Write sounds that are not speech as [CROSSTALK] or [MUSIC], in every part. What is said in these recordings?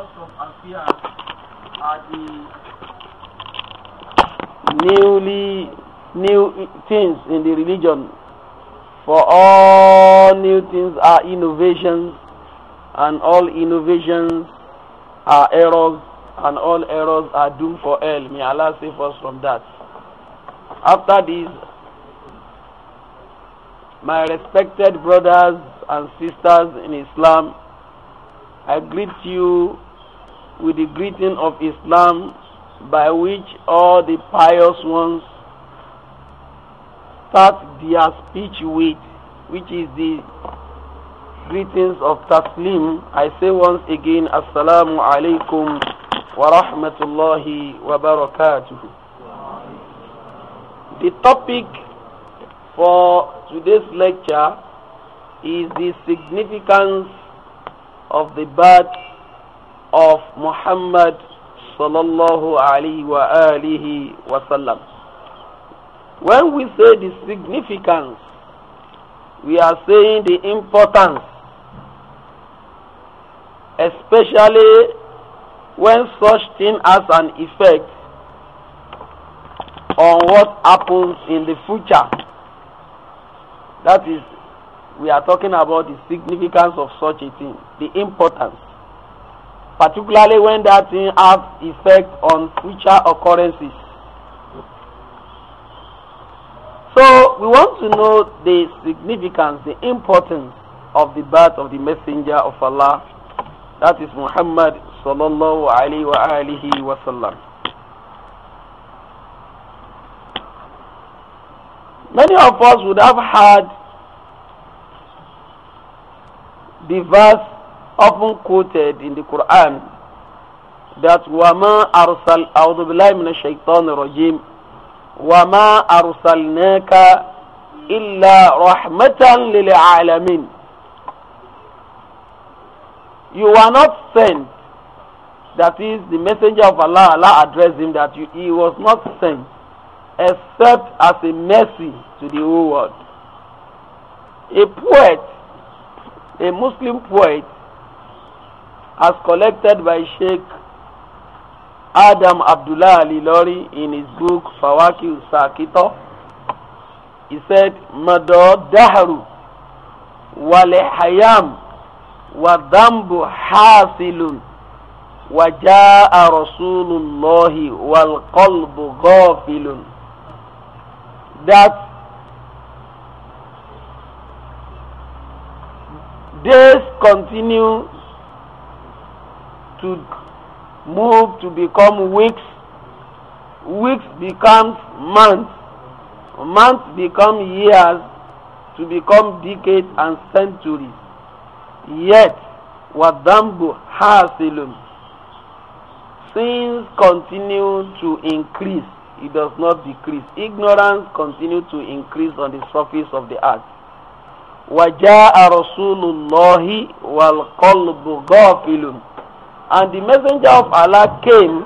cause of affair are the newly new things in the religion. For all new things are innovations, and all innovations are errors, and all errors are doomed for hell. May Allah save us from that. After this, my respected brothers and sisters in Islam, I greet you with the greeting of Islam by which all the pious ones start their speech with, which is the greetings of Taslim. I say once again, Assalamu alaikum wa rahmatullahi wa barakatuh. The topic for today's lecture is the significance of the birth of Muhammad sallallahu alaihi wa alihi wasallam. When we say the significance, we are saying the importance, especially when such thing has an effect on what happens in the future. That is, we are talking about the significance of such a thing, the importance particularly when that thing has effect on future occurrences. So we want to know the significance, the importance of the birth of the messenger of Allah, that is Muhammad sallallahu alaihi wa alihi wasallam. Many of us would have had the verse often quoted in the Quran that wama arsal a'udhu billahi minash shaitanir rajim wama arsalnaka illa rahmatan lil alamin you were not sent that is the messenger of Allah Allah addressed him that you, he was not sent except as a mercy to the whole world a poet a Muslim poet as collected by Sheikh Adam Abdullah Alilori in his book Fawaki Usakito*, He said, Madod Daharu Wale Hayam Wadambu Hasilun Waja'a Rasulullahi Wal Qalbu Ghafilun. That days continue to move to become weeks. Weeks becomes months. Months become years to become decades and centuries. Yet, Wadambu Hasilum. Sins continue to increase. It does not decrease. Ignorance continues to increase on the surface of the earth. وجاء رسول الله والقلب غافل and the messenger of Allah came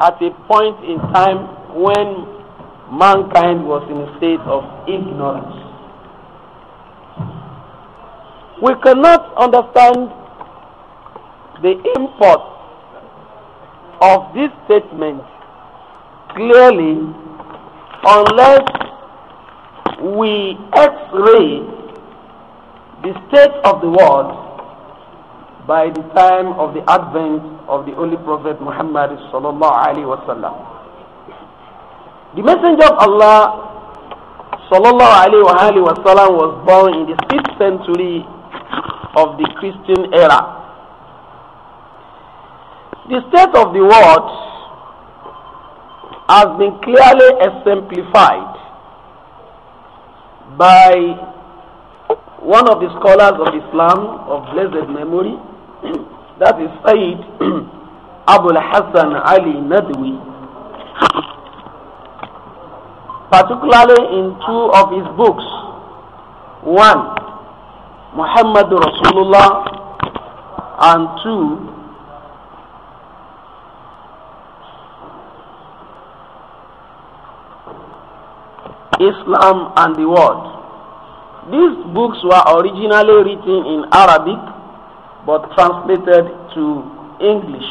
at a point in time when mankind was in a state of ignorance. We cannot understand the import of this statement clearly unless we x-ray the state of the world by the time of the advent of the Holy Prophet Muhammad sallallahu alaihi wasallam. The Messenger of Allah sallallahu alaihi wasallam was born in the fifth century of the Christian era. The state of the world has been clearly exemplified by one of the scholars of Islam of blessed memory, [CLEARS THROAT] that is Said [CLEARS THROAT] Abu Hassan Ali Nadwi, particularly in two of his books. One, Muhammad Rasulullah, and two, Islam and the world. These books were originally written in Arabic but translated to English.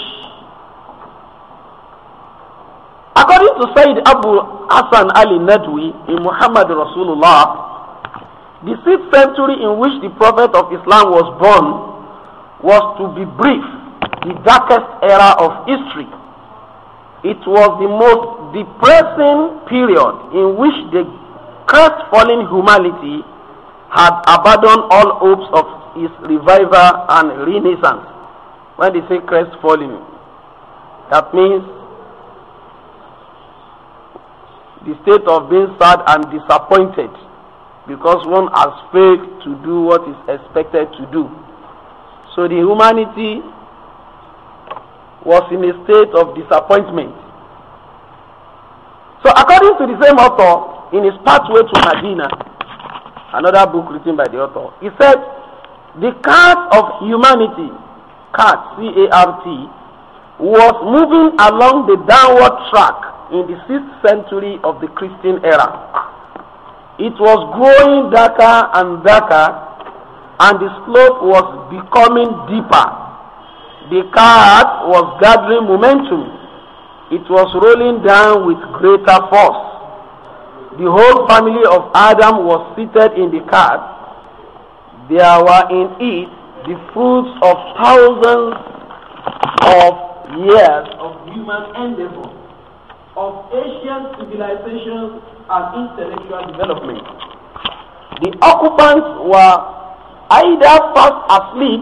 According to Sayyid Abu Hassan Ali Nadwi in Muhammad Rasulullah, the 6th century in which the Prophet of Islam was born was to be brief, the darkest era of history. It was the most depressing period in which the crestfallen humanity had abandoned all hopes of is revival and renaissance. When they say falling. that means the state of being sad and disappointed because one has failed to do what is expected to do. So the humanity was in a state of disappointment. So according to the same author, in his Pathway to Medina, another book written by the author, he said, the cart of humanity, cart, C-A-R-T, was moving along the downward track in the 6th century of the Christian era. It was growing darker and darker, and the slope was becoming deeper. The cart was gathering momentum. It was rolling down with greater force. The whole family of Adam was seated in the cart, there were in it the fruits of thousands of years of human endeavor, of ancient civilizations and intellectual development. The occupants were either fast asleep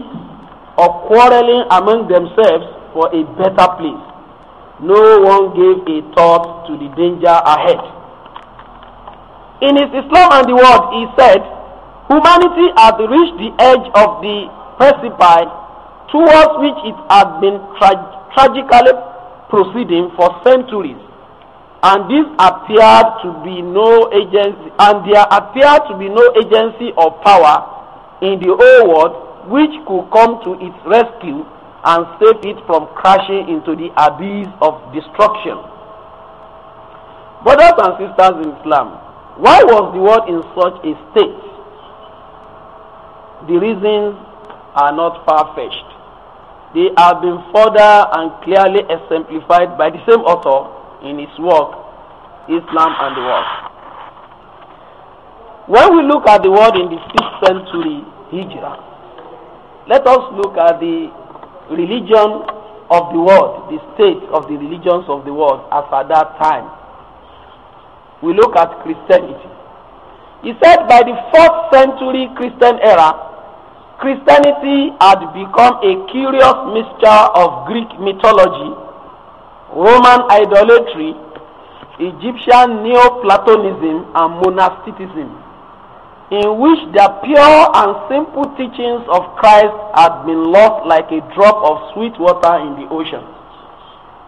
or quarreling among themselves for a better place. No one gave a thought to the danger ahead. In his Islam and the world, he said, Humanity had reached the edge of the precipice towards which it had been tra tragically proceeding for centuries. And this appeared to be no agency, and there appeared to be no agency or power in the whole world which could come to its rescue and save it from crashing into the abyss of destruction. Brothers and sisters in Islam, why was the world in such a state? the reasons are not far-fetched. They have been further and clearly exemplified by the same author in his work, Islam and the World. When we look at the world in the 6th century Hijrah, let us look at the religion of the world, the state of the religions of the world as at that time. We look at Christianity. He said by the 4th century Christian era, Christianity had become a curious mixture of Greek mythology, Roman idolatry, Egyptian Neoplatonism, and monasticism, in which the pure and simple teachings of Christ had been lost like a drop of sweet water in the ocean.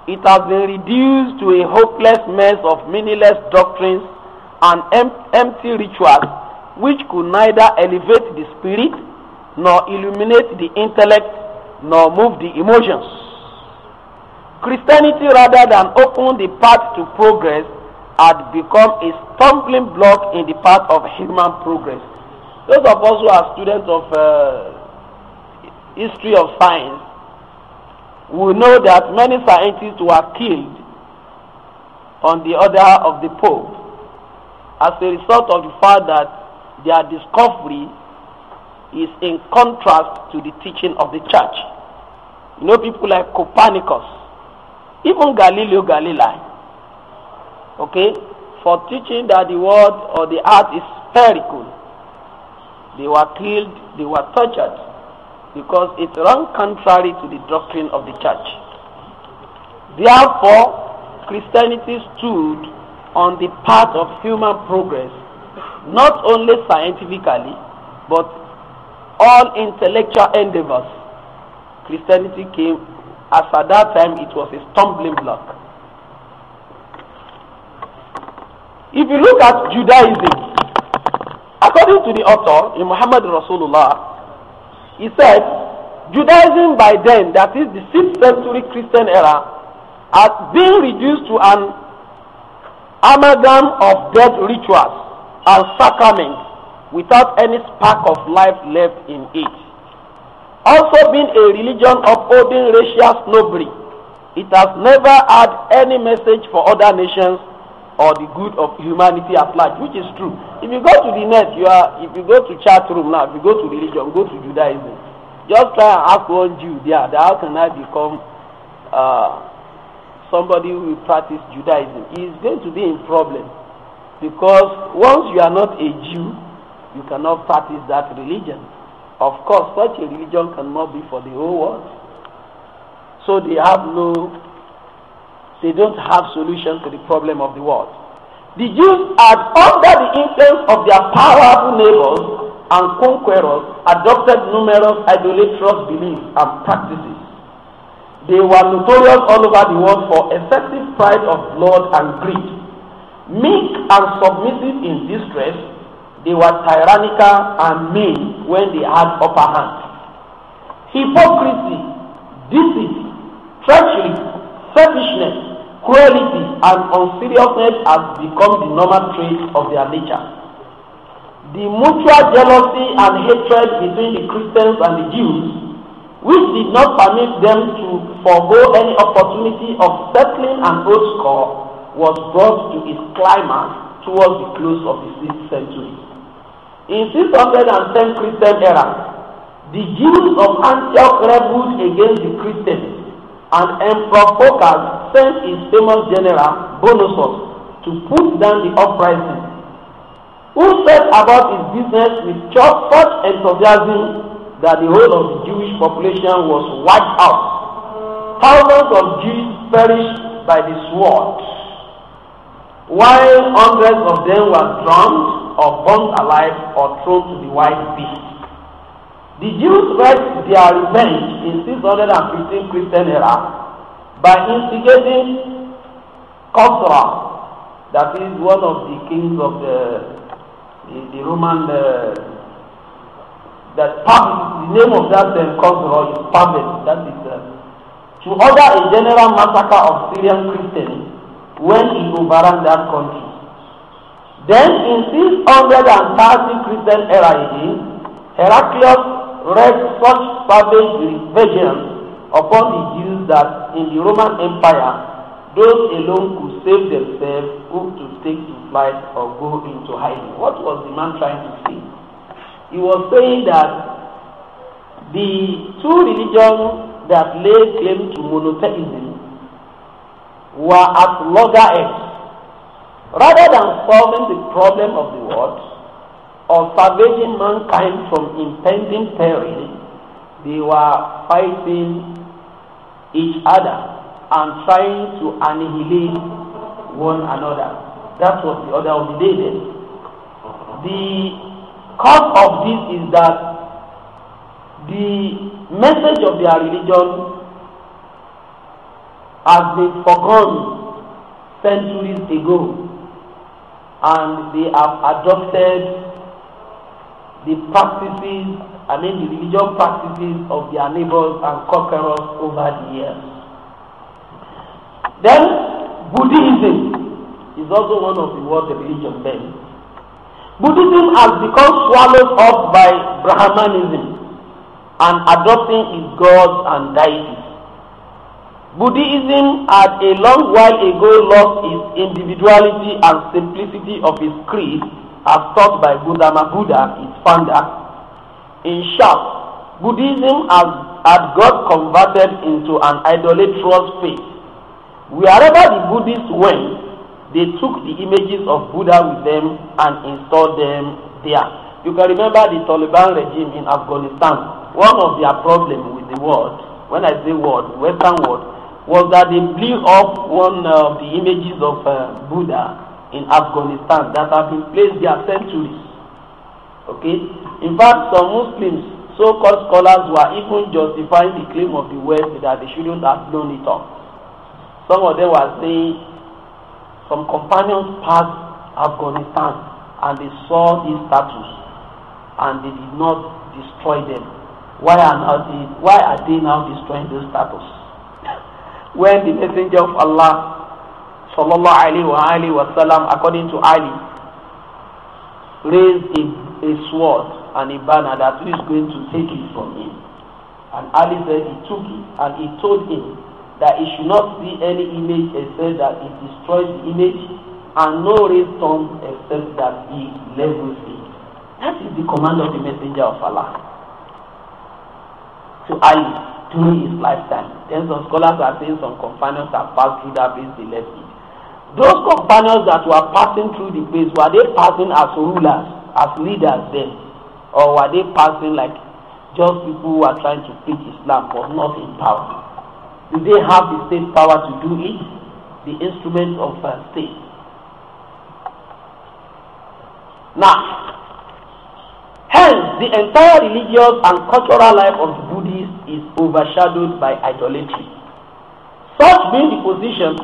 It has been reduced to a hopeless mess of meaningless doctrines and empty rituals which could neither elevate the spirit nor illuminate the intellect, nor move the emotions. Christianity, rather than open the path to progress, had become a stumbling block in the path of human progress. Those of us who are students of uh, history of science will know that many scientists were killed on the order of the Pope as a result of the fact that their discovery is in contrast to the teaching of the church. You know, people like Copernicus, even Galileo Galilei, okay, for teaching that the world or the earth is spherical. They were killed, they were tortured, because it runs contrary to the doctrine of the church. Therefore, Christianity stood on the path of human progress, not only scientifically, but all intellectual endeavors. Christianity came, as at that time, it was a stumbling block. If you look at Judaism, according to the author, in Muhammad Rasulullah, he said, Judaism by then, that is the 6th century Christian era, had been reduced to an amalgam of dead rituals and sacraments without any spark of life left in it. Also being a religion upholding racial snobbery, it has never had any message for other nations or the good of humanity at large, which is true. If you go to the net, you are if you go to chat room now, if you go to religion, go to Judaism. Just try and ask one Jew there that how can I become uh, somebody who will practice Judaism? He is going to be in problem because once you are not a Jew, you cannot practice that religion. Of course, such a religion cannot be for the whole world. So they have no, they don't have solution to the problem of the world. The Jews are under the influence of their powerful neighbors and conquerors adopted numerous idolatrous beliefs and practices. They were notorious all over the world for excessive pride of blood and greed. Meek and submissive in distress, they were tyrannical and mean when they had upper hand. Hypocrisy, deceit, treachery, selfishness, cruelty, and unseriousness have become the normal traits of their nature. The mutual jealousy and hatred between the Christians and the Jews, which did not permit them to forego any opportunity of settling an old score, was brought to its climax towards the close of the 6th century. In 610 Christian era, the Jews of Antioch rebelled against the Christians, and Emperor Phocas sent his famous general Bonosus to put down the uprising, who set about his business with such enthusiasm that the whole of the Jewish population was wiped out. Thousands of Jews perished by the sword, while hundreds of them were drowned or burnt alive or thrown to the wild beasts. The Jews wreaked their revenge in 615 Christian era by instigating Khosra, that is one of the kings of the, the, the Roman, uh, that the name of that uh, Khosra is Pavel, that is, uh, to order a general massacre of Syrian Christians when he overran that country. Then in 630 Christian era AD, Heraclius read such savage vengeance upon the Jews that in the Roman Empire, those alone could save themselves who to take to flight or go into hiding. What was the man trying to say? He was saying that the two religions that lay claim to monotheism were at loggerheads Rather than solving the problem of the world or salvaging mankind from impending peril, they were fighting each other and trying to annihilate one another. That was the other of the day The cause of this is that the message of their religion has been forgotten centuries ago and they have adopted the practices, I mean the religious practices of their neighbors and conquerors over the years. Then Buddhism is also one of the world religions. then. Buddhism has become swallowed up by Brahmanism and adopting its gods and deities. Buddhism had a long while ago lost its individuality and simplicity of its creed as taught by Gautama Buddha, its founder. In short, Buddhism has, had got converted into an idolatrous faith. Wherever the Buddhists went, they took the images of Buddha with them and installed them there. You can remember the Taliban regime in Afghanistan. One of their problems with the world, when I say world, Western world, was that they blew up one of the images of uh, Buddha in Afghanistan that had been placed there centuries. Okay? In fact, some Muslims, so called scholars, were even justifying the claim of the West that they shouldn't have blown it up. Some of them were saying some companions passed Afghanistan and they saw these statues and they did not destroy them. Why are, now they, why are they now destroying those statues? when the messenger of Allah sallallahu alaihi wa alihi wasallam according to Ali raised a, a sword and a banner that he is going to take it from him and Ali said he took it and he told him that he should not see any image except that he destroys the image and no raised tongue except that he levels it that is the command of the messenger of Allah to Ali during his lifetime. Then some scholars are saying some companions have passed through that place they Those companions that were passing through the place, were they passing as rulers, as leaders then? Or were they passing like just people who are trying to preach Islam but not in power? Do they have the state power to do it? The instrument of the uh, state. Now, Hence, the entire religious and cultural life of the Buddhists is overshadowed by idolatry. Such being the position,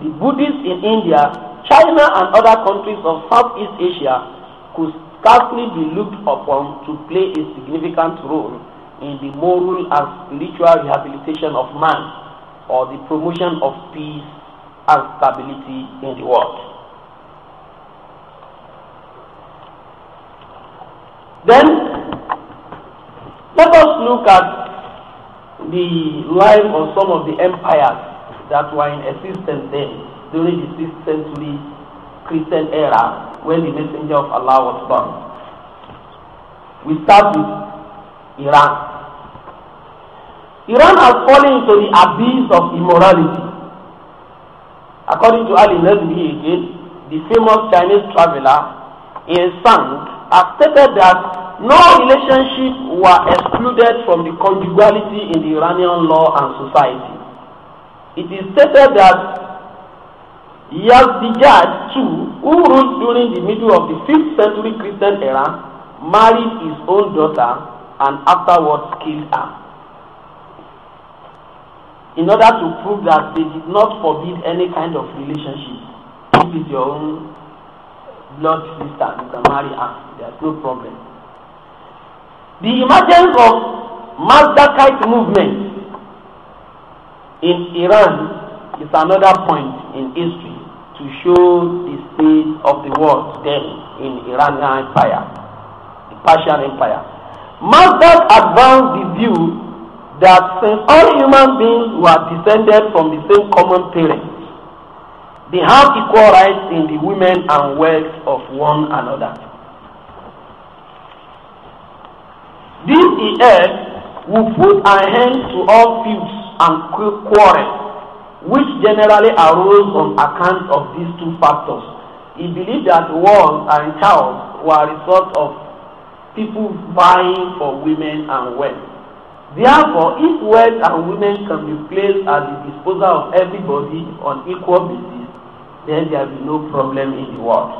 the Buddhists in India, China, and other countries of Southeast Asia could scarcely be looked upon to play a significant role in the moral and spiritual rehabilitation of man or the promotion of peace and stability in the world. Then, let us look at the life of some of the empires that were in existence then during the 6th century Christian era when the messenger of Allah was born. We start with Iran. Iran has fallen into the abyss of immorality. According to Ali Nazmi again, the famous Chinese traveler, he sank have stated that no relationship were excluded from the conjugality in the Iranian law and society. It is stated that Yazdijad too, who ruled during the middle of the 5th century Christian era, married his own daughter and afterwards killed her. In order to prove that they did not forbid any kind of relationship, Keep it your own blood sister you can marry her there is no problem. The emergence of Mazdakite movement in Iran is another point in history to show the state of the world then in Iranian Empire, the Persian Empire. Mazdak advanced the view that since all human beings were descended from the same common parent, They have equal rights in the women and works of one another. This EF will put an end to all feuds and quarrels which generally arose on account of these two factors. He believed that wars and chaos were a result of people vying for women and wealth. Therefore, if wealth and women can be placed at the disposal of everybody on equal basis, then there will be no problem in the world.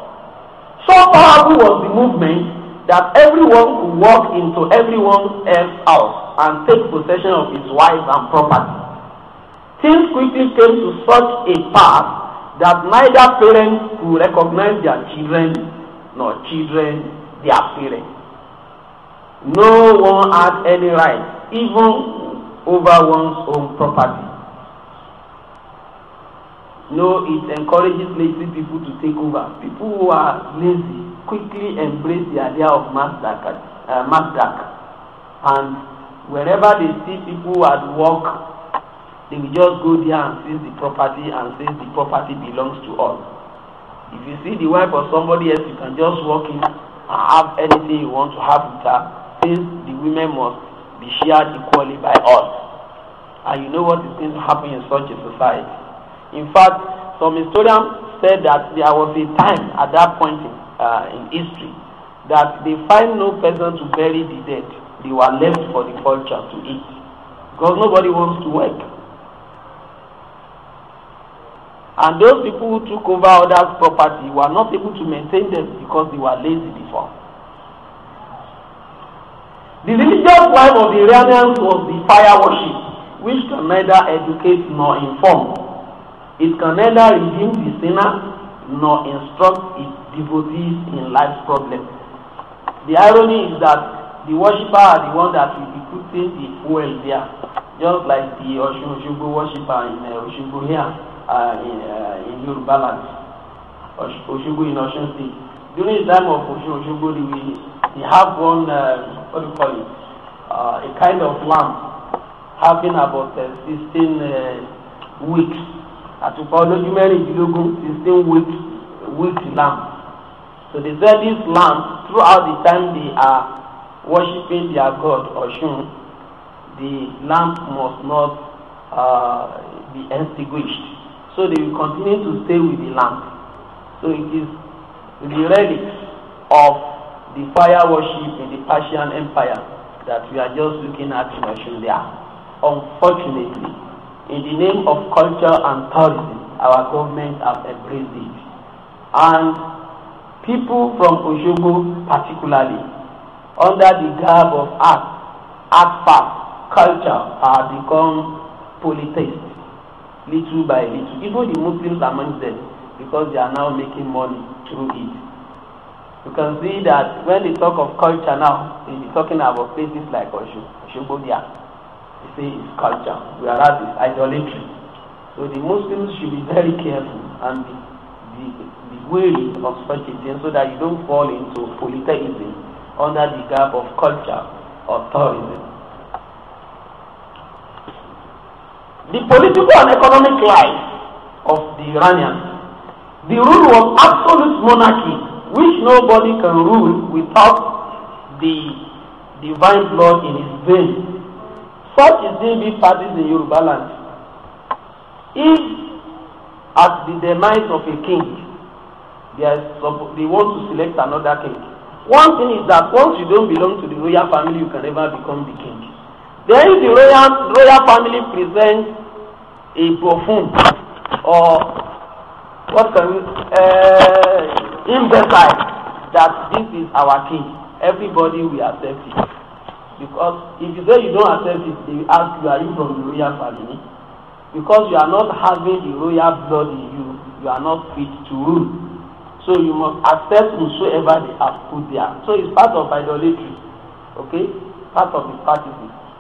So powerful was the movement that everyone could walk into everyone else's house and take possession of his wife and property. Things quickly came to such a pass that neither parents could recognize their children nor children their parents. No one had any right, even over one's own property. No, it encourages lazy people to take over. People who are lazy quickly embrace the idea of Nasdaq, uh, Nasdaq. and wherever they see people at work, they will just go there and seize the property and say the property belongs to us. If you see the wife of somebody else, you can just walk in and have anything you want to have with her, since the women must be shared equally by us. And you know what is going to happen in such a society In fact, some historians said that there was a time at that point in, uh, in history that they find no person to bury the dead. They were left for the culture to eat because nobody wants to work. And those people who took over others' property were not able to maintain them because they were lazy before. The religious life of the Iranians was the fire worship, which can neither educate nor inform. It can neither redeem the sinner nor instruct its devotees in life's problems. The irony is that the worshipper are the one that will be putting the fuel there, just like the Osun Osogbo worshipper in uh, Osogbo here uh, in, uh, in land, Osogbo in Osun State. During the time of Osun Osogbo, they, they have one, uh, what do you call it, uh, a kind of lamb having about uh, 16 uh, weeks àtùpà olójú mẹ́rìndínlógún sixteen week week lamp so they sell this lamp throughout the time they are worshiping their god Ọ̀ṣun the lamp must not uh, be extinguished so they will continue to stay with the lamp so it is the relic of the fire worship in the Persian Empire that we are just looking at in Ọ̀ṣun there unfortunately. In the name of culture and tourism, our government have embraced it. And people from Oshogo particularly, under the garb of art, art fast, culture have become polytheists little by little. Even the Muslims amongst them, because they are now making money through it. You can see that when they talk of culture now, they be talking about places like Oshogo, Oshogo, yeah. say is culture, at it's idolatry. So the Muslims should be very careful and be, be, be wary of such a thing so that you don't fall into polytheism under the garb of culture or tourism. The political and economic life of the Iranians the rule of absolute monarchy, which nobody can rule without the divine blood in his veins. Such is the big parties in Yoruba land. If at the demise of a king, they, are, they want to select another king. One thing is that once you don't belong to the royal family, you can never become the king. Then the royal, royal family presents a buffoon or what can we uh, imbecile that this is our king. Everybody will accept it because if you say you don't accept it they ask you are you from the royal family because you are not having the royal blood in you you are not fit to rule so you must accept whosoever they have put there so it's part of idolatry okay part of the practice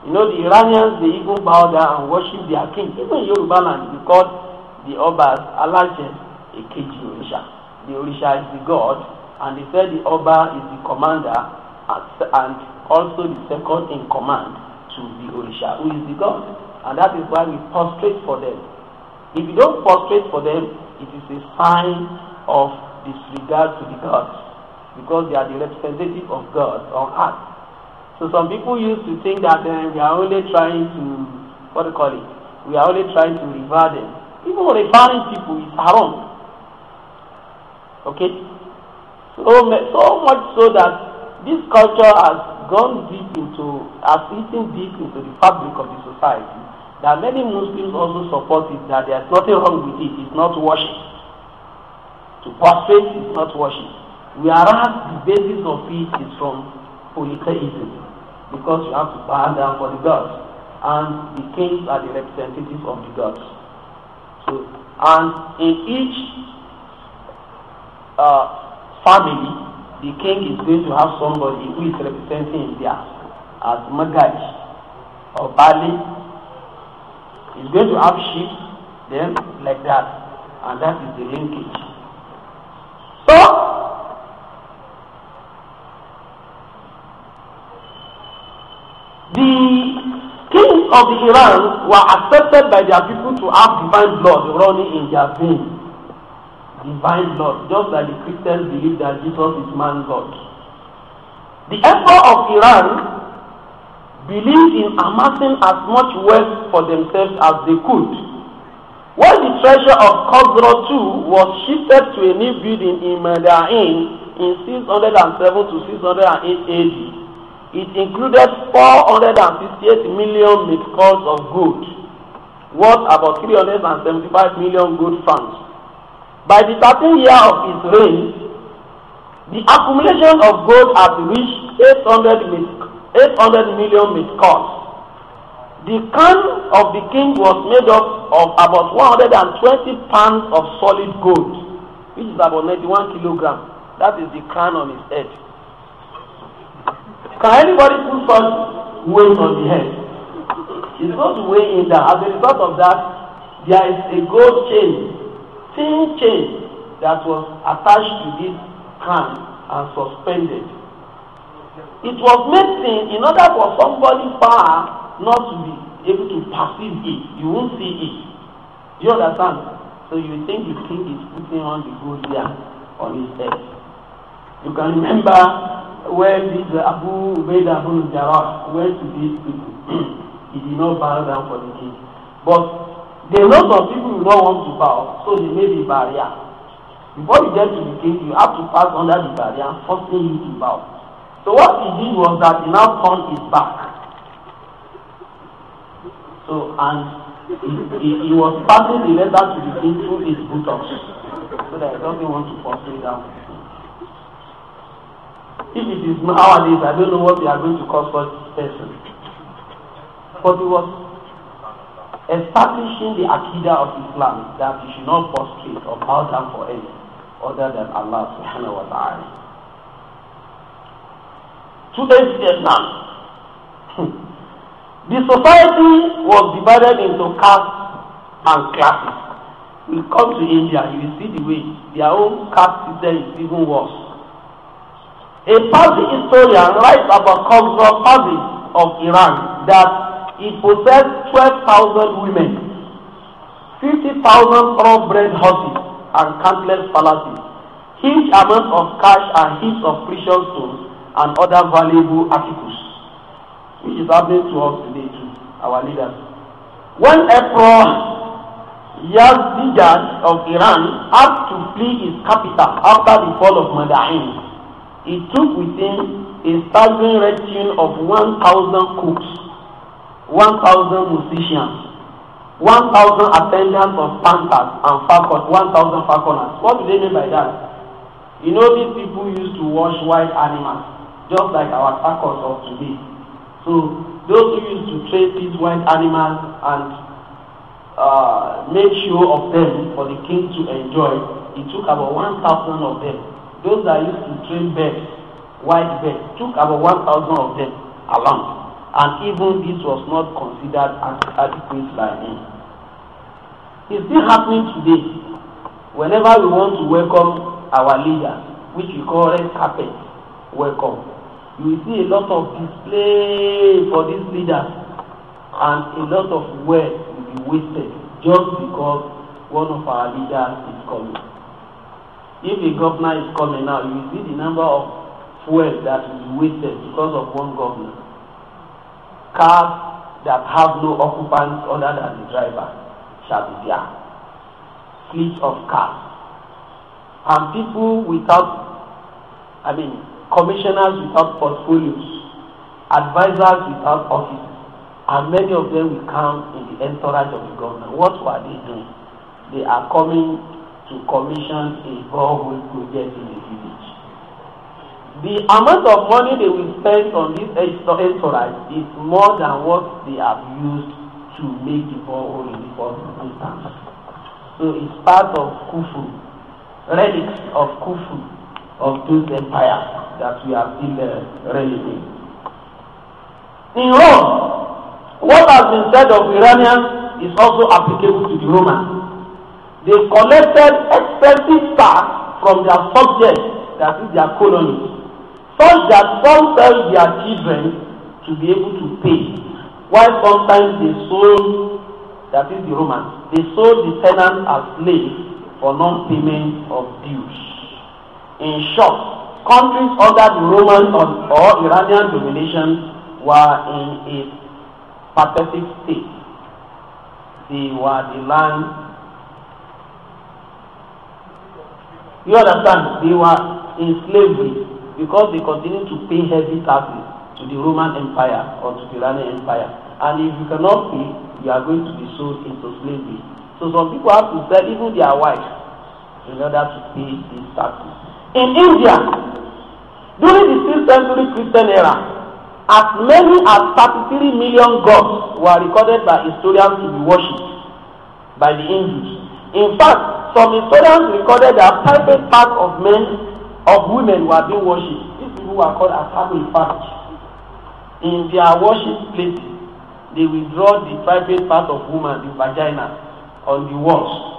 you know the Iranians they even bow down and worship their king even Yoruba land they call the obas aláṣẹ èkejì òrìṣà the òrìṣà is the god and they say the oba is the commander and also the second in command to the Orisha, who is the God. And that is why we prostrate for them. If you don't prostrate for them, it is a sign of disregard to the gods because they are the representative of God on earth. So some people used to think that uh, we are only trying to, what do you call it, we are only trying to revere them. Even revering people is haram. Okay? So, so much so that this culture has gone deep into has eaten deep into the fabric of the society that many Muslims also support it that there's nothing wrong with it. It's not worship. To prostrate is not worship. We are Whereas the basis of it is from polytheism because you have to bow down for the gods and the kings are the representatives of the gods. So and in each uh, family the king is going to have somebody who is representing India as Magaji or Bali. Is going to have sheep, then like that. And that is the linkage. So, the kings of the Iran were accepted by their people to have divine blood running in their veins divine God. just like the Christians believe that Jesus is man God. The Emperor of Iran believed in amassing as much wealth for themselves as they could. When the treasure of Khosrow II was shifted to a new building in Medellin in 607 to 608 AD, it included 468 million midcals of gold, worth about 375 million gold francs. By the 13th year of his reign, the accumulation of gold had reached 800, mil 800 million mitkos. The crown of the king was made up of about 120 pounds of solid gold, which is about 91 kilograms. That is the crown on his head. Can anybody put such weight on the head? It's going to weigh in that. As a result of that, there is a gold chain thin chain that was attached to this can and suspended. It was made thin in order for somebody far not to be able to perceive it. You won't see it. You understand? So you think you think it's putting on the gold here on his head. You can remember when this Abu Ubaidah Abu Jarrah went to these people. [CLEARS THROAT] he did not bow down for the king. But The lot of people you don't want to bow, so they made a barrier. Before you get to the gate, you have to pass under the barrier, forcing you to bow. So what he did was that he now turned his back. So and he, he, he was passing the letter to the king through his buttocks, so that he doesn't want to force him down. If it is nowadays, I don't know what they are going to call such person. But he was establishing the akida of Islam that you should not prostrate or bow down for any other than Allah subhanahu wa ta'ala. Today's Vietnam, [LAUGHS] the society was divided into castes and classes. We come to India, you will see the way their own caste system is even worse. A Parsi historian writes about Khosrow Parsi of Iran that He possessed twelve thousand women, fifty thousand thoroughbred horses, and countless palaces, huge amounts of cash and heaps of precious stones and other valuable articles, which is happening to us today too, our leaders. When Emperor Yazdijad of Iran asked to flee his capital after the fall of Madain, he took with him a staggering retinue of one thousand cooks one thousand musicians one thousand attendants of panthers and falcons one thousand falconers what do they mean by that you know these people used to watch white animals just like our falcons of today so those who used to train these white animals and uh, make sure of them for the king to enjoy he took about one thousand of them those that used to train birds white birds took about one thousand of them along and even this was not considered adequate by them. It's still happening today. Whenever we want to welcome our leaders, which we call red carpet welcome, you will see a lot of display for these leaders and a lot of words will be wasted just because one of our leaders is coming. If a governor is coming now, you will see the number of fuel that will be wasted because of one governor Cars that have no occupants other than the driver shall be there. Fleet of cars. And people without, I mean, commissioners without portfolios, advisers without offices, and many of them will come in the entourage of the government. What were they doing? They are coming to commission a borehole project in the future the amount of money they will spend on this entourage is more than what they have used to make the borehole in the first instance. So it's part of Kufu, relics of Kufu, of those empires that we have been uh, relishing. In Rome, what has been said of Iranians is also applicable to the Romans. They collected expensive tax from their subjects, that is their colonies such that sometimes they are given to be able to pay while sometimes they sold that is the romans they sold the tenants as slaves for non-payment of dues in short countries under the roman or iranian domination were in a pathetic state they were the land you understand they were in slavery because they continue to pay heavy taxes to the Roman Empire or to the Iranian Empire. And if you cannot pay, you are going to be sold into slavery. So some people have to sell even their wives in order to pay these taxes. In India, during the 6th century Christian era, as many as 33 million gods were recorded by historians to be worshipped by the Hindus. In fact, some historians recorded that private parts of men of women who are being worshipped. These people are called as sacrifice. In their worship places, they will draw the private part of woman, the vagina, on the walls.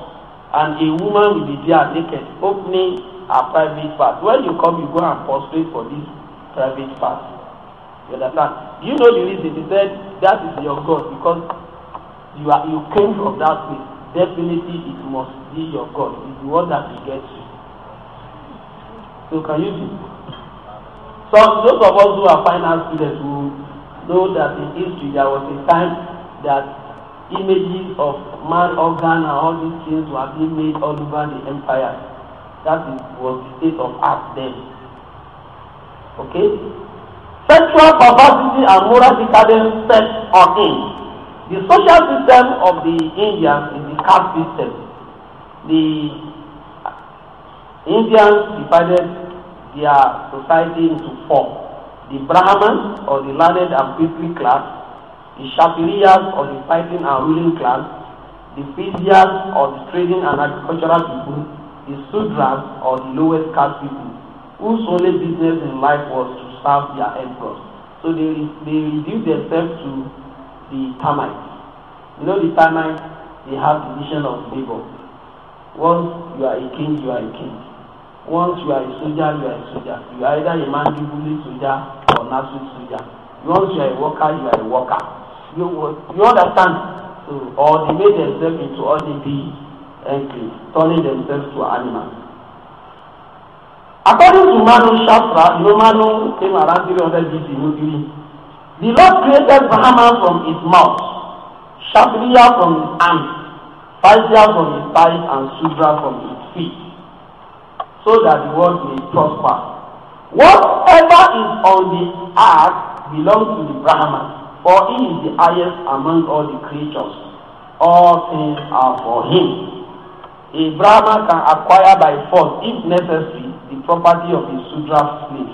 And a woman will be there naked, opening her private part. When you come, you go and prostrate for this private part. You understand? You know the reason. He said, that is your God because you, are, you came from that place. Definitely it must be your God. It's the one that begets you. So can you see? So those of us who are final students will know that in history there was a time that images of man organ and all these things were being made all over the empire that is, was the state of art then okay sexual perversity and moral decadence set on in the social system of the indians is the caste system the indians divided their society into four. The Brahman or the learned and priestly class, the Shapiriyas or the fighting and ruling class, the Physias or the trading and agricultural people, the Sudras or the lowest caste people, whose only business in life was to serve their emperors. So they, they reduce themselves to the termites. You know the termites, they have division of labor. Once you are a king, you are a king. Once you are a soldier, you are a soldier. You are either a mandibuli soldier or Nazi soldier. Once you are a worker, you are a worker. You, you understand? So, or they made themselves into all the enclave, turning themselves to animals. According to Manu Shastra, you know Manu came around 300 BC, you know, the Lord created Brahma from his mouth, Shatriya from his arms, Vajra from his thighs, and Sudra from his feet so that the world may prosper. Whatever is on the earth belongs to the Brahman, for he is the highest among all the creatures. All things are for him. A Brahman can acquire by force, if necessary, the property of a Sudra slave.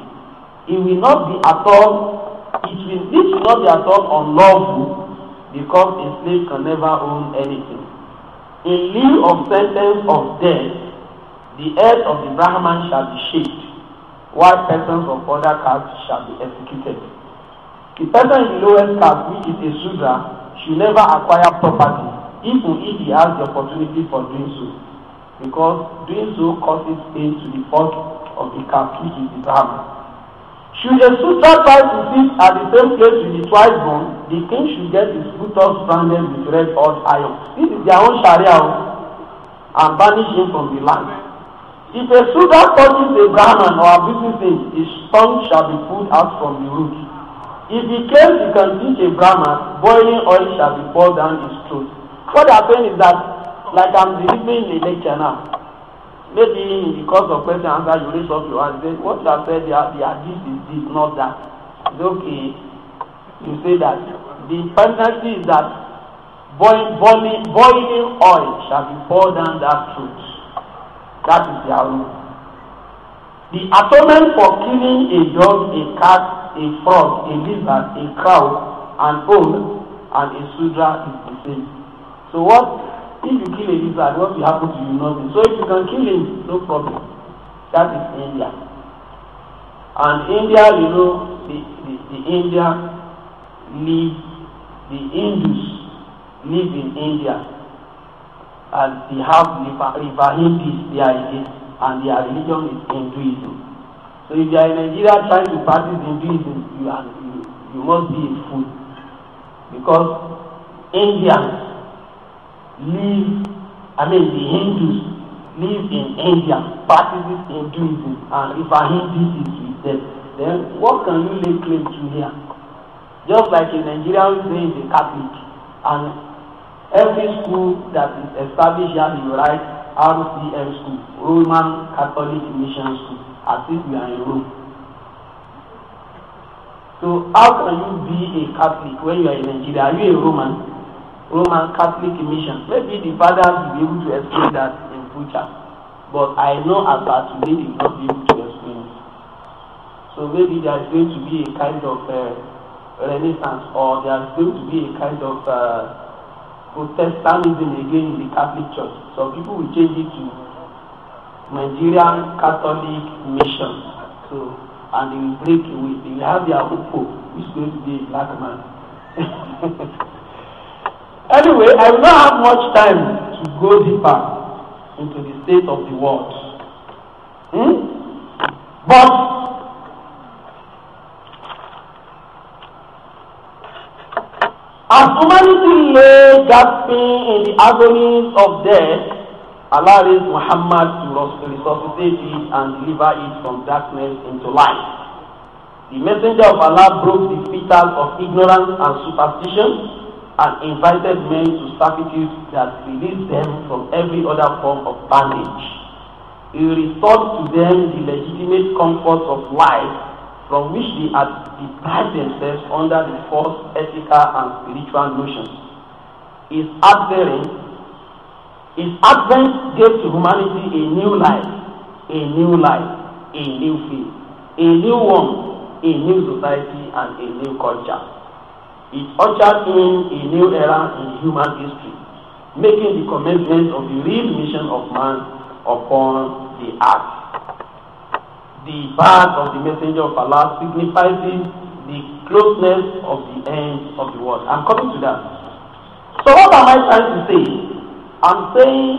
It will not be at all, it will, this will not be at all unlawful because a slave can never own anything. In lieu of sentence of death, The head of the Brahman shall be shaved, while persons of other castes shall be executed. The person in the lowest caste, which is a Sudra, should never acquire property, even if he has the opportunity for doing so, because doing so causes pain to the first of the caste, which is the Brahman. Should a Sudra try to sit at the same place with the twice born, the king should get his footers branded with red hot iron. This is their own Sharia oh, and banish him from the land. If a Suda touches a Brahman or a busy his tongue shall be pulled out from the root. If he claims he can teach a Brahman, boiling oil shall be poured down his throat. What happened is that, like I'm delivering the lecture now, maybe in the course of question and answer you raise up your hand say what you have said there there this is this not that it's okay you say that the penalty is that boiling boiling oil shall be poured down that throat That is their rule. The atonement for killing a dog, a cat, a frog, a lizard, a cow, an owl, and a sudra is the same. So what if you kill a lizard, what will happen to you? Nothing. So if you can kill him, no problem. That is India. And India, you know, the, the, the India live, the Hindus live in India and they have Rifahim is their idea and their religion is Hinduism. So if you are a Nigerian trying to practice Hinduism, you, are, you, you must be a fool because Indians live, I mean the Hindus live in India, practices Hinduism and if a Hindu is with them. Then what can you lay claim to here? Just like a Nigerian saying is a Catholic and every school that is established here in right RCM school Roman Catholic Mission School as if we are in Rome. So how can you be a Catholic when you are in Nigeria? Are you a Roman? Roman Catholic Mission. Maybe the father will be able to explain that in future. But I know as at today they will not be able to explain it. So maybe there is going to be a kind of uh, renaissance or there is going to be a kind of uh, Protestantism again in the Catholic Church. Some people will change it to Nigerian Catholic Mission. So, and they will break away. They will have their own pope, which is going to be a black man. [LAUGHS] anyway, I will not have much time to go deeper into the state of the world. Hmm? But As humanity lay gasping in the agonies of death, Allah raised Muhammad to resuscitate it and deliver it from darkness into light. The messenger of Allah broke the fetters of ignorance and superstition and invited men to servitude that released them from every other form of bondage. He restored to them the legitimate comforts of life from which they had deprived themselves under the false ethical and spiritual notions. His advent, his advent gave to humanity a new life, a new life, a new faith, a new one, a new society, and a new culture. It ushered in a new era in human history, making the commencement of the real mission of man upon the earth the birth of the messenger of Allah signifies the closeness of the end of the world. I'm coming to that. So what am I trying to say? I'm saying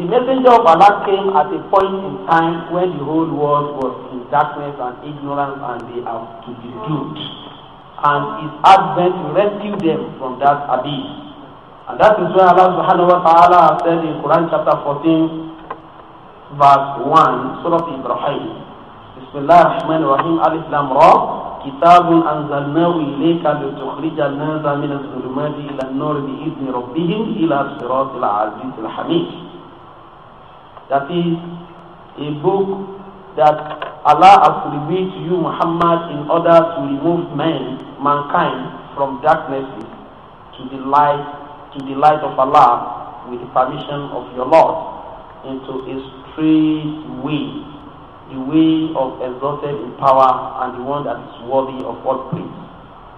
the messenger of Allah came at a point in time when the whole world was in darkness and ignorance and they are to be doomed. And his advent to rescue them from that abyss. And that is why Allah subhanahu wa ta'ala said in Quran chapter 14 verse 1, Surah Ibrahim, بسم الله الرحمن الرحيم ألف لام را كتاب أنزلناه إليك لتخرج الناس من الظلمات إلى النور بإذن ربهم إلى صراط العزيز الحميد That is a book that Allah has revealed to you, Muhammad, in order to remove men, mankind, from darkness to the light, to the light of Allah, with the permission of your Lord, into a straight way the way of exalted in power and the one that is worthy of all praise.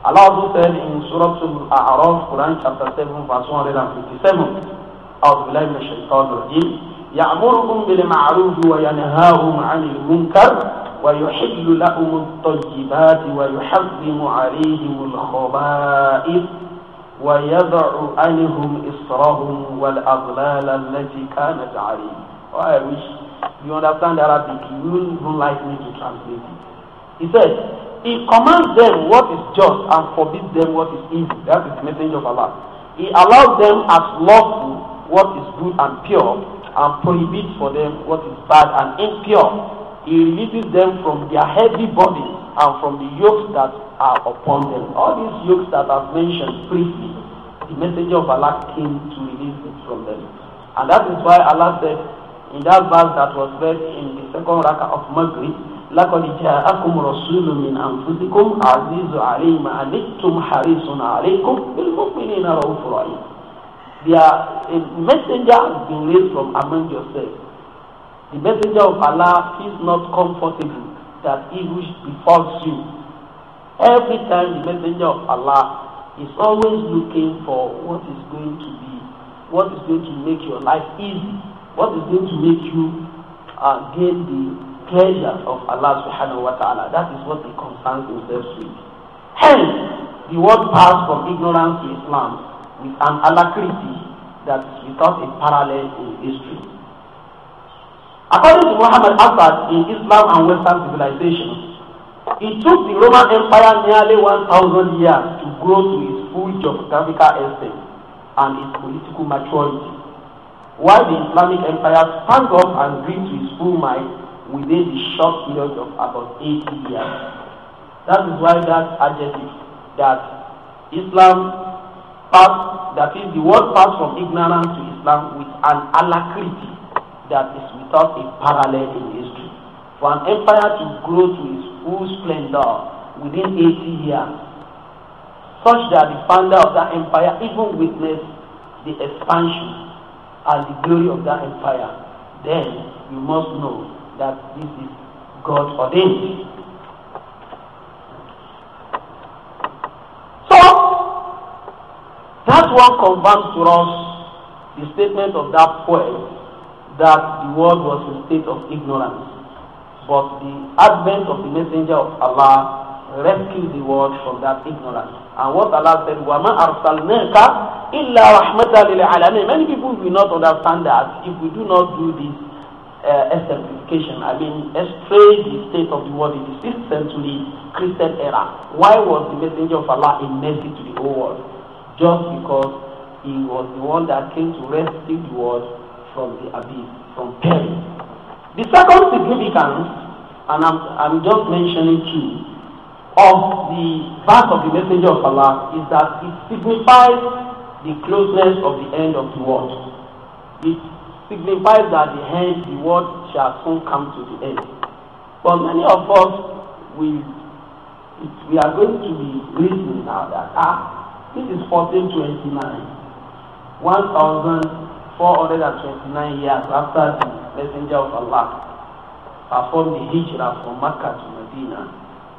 Allah also said in Surah Al-A'raf, Quran chapter 7, verse 157, أعوذ بالله من الشيطان الرجيم يأمركم بالمعروف وينهاهم عن المنكر ويحل لهم الطيبات ويحرم عليهم الخبائث ويضع عنهم إصرهم والأغلال التي كانت عليهم. Oh, I wish you understand Arabic, you wouldn't even like me to translate it. He says, He commands them what is just and forbids them what is evil. That is the message of Allah. He allows them as lawful what is good and pure and prohibits for them what is bad and impure. He releases them from their heavy bodies and from the yokes that are upon them. All these yokes that I've mentioned briefly, the messenger of Allah came to release it from them. And that is why Allah said, in that verse that was read in the second raka of Maghrib, لَقَدْ جَاءَكُمْ رَسُولٌ مِنْ أَنْفُسِكُمْ عَزِيزٌ عَلَيْهِ مَا عَنِتُّمْ حَرِيصٌ عَلَيْكُمْ بِالْمُؤْمِنِينَ رَءُوفٌ رَحِيمٌ There, a messenger has been raised from among yourselves. The messenger of Allah feels not comfortable that evil befalls you. Every time the messenger of Allah is always looking for what is going to be, what is going to make your life easy what is going to make you uh, gain the pleasure of Allah subhanahu wa ta'ala. That is what he concerns himself with. Hence, the world passed from ignorance to Islam with an alacrity that is without a parallel in history. According to Muhammad Assad in Islam and Western civilization, it took the Roman Empire nearly 1,000 years to grow to its full geographical extent and its political maturity while the Islamic Empire sprang up and grew to its full might within the short period of about 80 years. That is why that adjective that Islam passed, that is, the world, passed from ignorance to Islam with an alacrity that is without a parallel in history. For an empire to grow to its full splendor within 80 years, such that the founder of that empire even witnessed the expansion and the glory of that empire, then you must know that this is God ordained. So, that one confirms to us the statement of that poet that the world was in a state of ignorance, but the advent of the messenger of Allah rescued the world from that ignorance. And what Allah said, وَمَا illa إِلَّا رَحْمَةً alamin. Many people will not understand that if we do not do this uh, exemplification, I mean, astray the state of the world in the 6th century Christian era. Why was the messenger of Allah a mercy to the whole world? Just because he was the one that came to rescue the world from the abyss, from peril. The second significance, and I'm, I'm just mentioning two, of the verse of the messenger of Allah is that it signifies the closeness of the end of the world. It signifies that the end, the world shall soon come to the end. But many of us, we, it, we are going to be listening now that, ah, this is 1429, 1429 years after the messenger of Allah performed the hijrah from Makkah to Medina.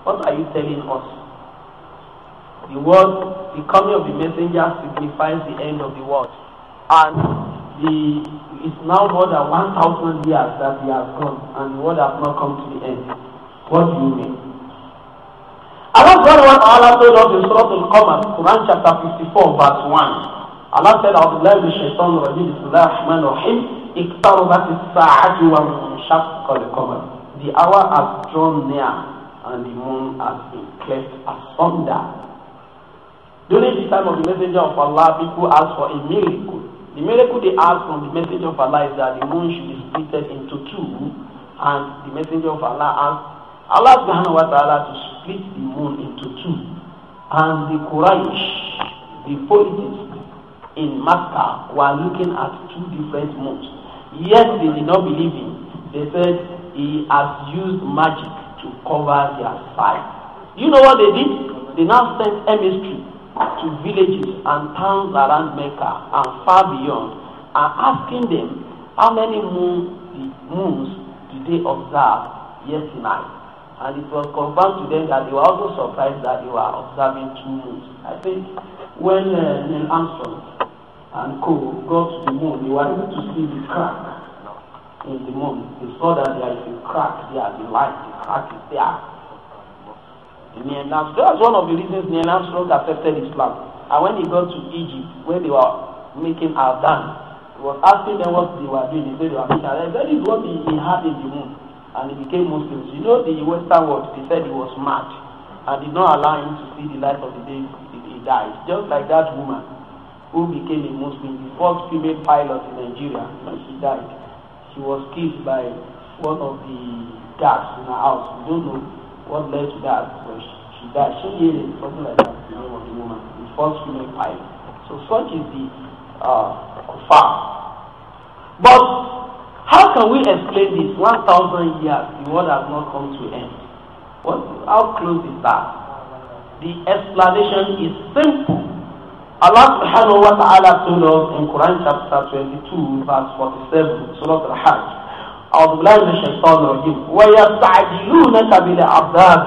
What are you telling us? The word, the coming of the messenger signifies the end of the world. And the, it's now more than 1,000 years that he has gone, and the world has not come to the end. What do you mean? Allah said wa Allah told us in Surah Al-Qamar, Quran chapter 54, verse 1. Allah said, I will the shaitan أعوذ the من الشيطان الرجيم بسم الله الرحمن الرحيم اقتربت الساعة وانشق القمر The hour has drawn near and the moon has been cleft asunder. During the time of the messenger of Allah, people asked for a miracle. The miracle they asked from the messenger of Allah is that the moon should be split into two, and the messenger of Allah asked Allah subhanahu wa ta'ala to split the moon into two. And the Quraysh, the politics in Makkah, were looking at two different moons. Yet they did not believe him. They said he has used magic to cover their fire. You know what they did? They now sent emissary to villages and towns around Mecca and far beyond and asking them how many moon, moons did they observe yesterday And it was confirmed to them that they were also surprised that they were observing two moons. I think when uh, Neil Armstrong and co got to the moon, they were able to see the crack in the moon, he saw that there is a crack there, the light, the crack is there. Neil Armstrong, that's one of the reasons Neil Armstrong accepted Islam. And when he got to Egypt, when they were making Adan, he was asking them what they were doing. They said they were making Adan. That is what he, he had in the moon. And he became Muslim. You know, the Western world, they said he was mad and did not allow him to see the light of the day he died. Just like that woman who became a Muslim, the first female pilot in Nigeria, when she died he was killed by one of the guards in her house. We don't know what led to that, but she, she died. She did something like that, the name of the woman, the first female pilot. So such is the uh, kufar. But how can we explain this? One thousand years, the world has not come to end. What, how close is that? The explanation is simple. Allah subhanahu wa ta'ala told us in Quran chapter 22 verse 47 Surah Al-Hajj أعوذ بالله من الشيطان الرجيم ويستعجلونك بالعذاب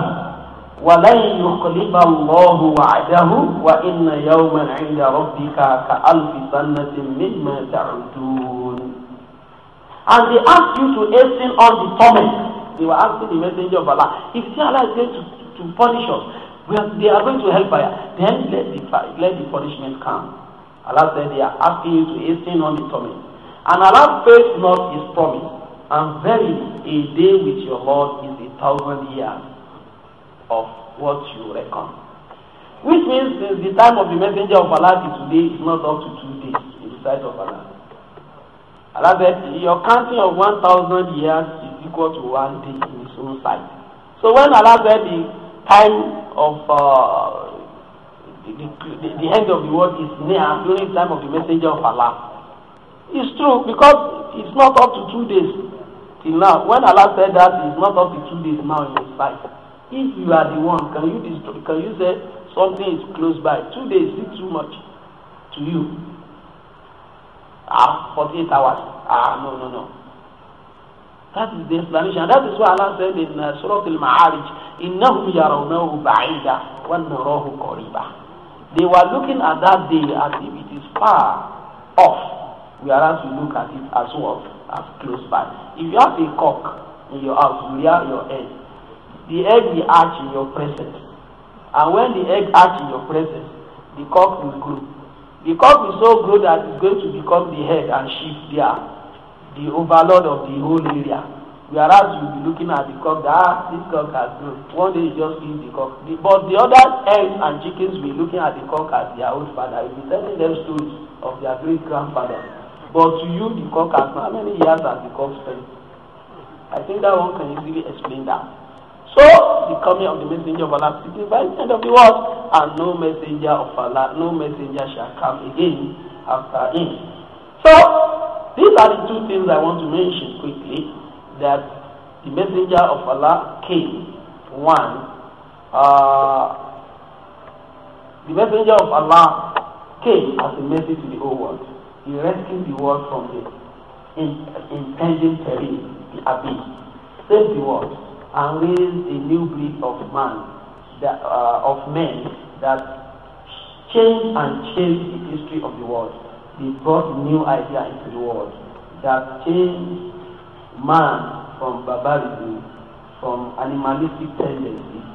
ولن يخلف الله وعده وإن يوما عند ربك كألف سنة مما تعدون And they asked you to hasten on the torment. They were asking the messenger of Allah, if Allah is going to, to punish us, Well, they are going to help hellfire. Then let the, let the punishment come. Allah said they are asking you to hasten on the torment. And Allah fails not his promise. And verily, a day with your Lord is a thousand years of what you reckon. Which means since the time of the messenger of Allah is today is not up to two days in the sight of Allah. Allah said your counting of one thousand years is equal to one day in his own sight. So when Allah said the time of uh, the, the, the end of the world is near during time of the messenger of Allah. It's true because it's not up to two days till now. When Allah said that it's not up to two days now in his sight. If you are the one, can you destroy, can you say something is close by? Two days is too much to you. Ah, 48 hours. Ah, no, no, no. That is the explanation. That is why Allah said in uh, Surah Al-Ma'arij, إِنَّهُمْ يَرَوْنَهُ بَعِيدًا وَنَرَاهُ قَرِيبًا They were looking at that day as if it is far off, whereas we look at it as what? As close by. If you have a cock in your house, you rear your egg. The egg will hatch in your presence. And when the egg hatch in your presence, the cock will grow. The cock will so grow that it is going to become the head and sheep there the overlord of the whole area whereas you be looking at the cock that ah this cock has grown one day you just eat the cock the, but the other eggs and chickens be looking at the cock as their old father you be telling them stories of their great grandfather but to you the cock has how many years has the cock spent i think that one can easily explain that so the coming of the messenger of allah signifies the end of the world and no messenger of allah no messenger shall come again after him so These are the two things I want to mention quickly that the messenger of Allah came. One, uh, the messenger of Allah came as a message to the whole world. He rescued the world from the impending terrain, the abyss, saved the world, and raised a new breed of man, that, uh, of men that changed and changed the history of the world he brought new idea into the world that changed man from barbarism, from animalistic tendencies,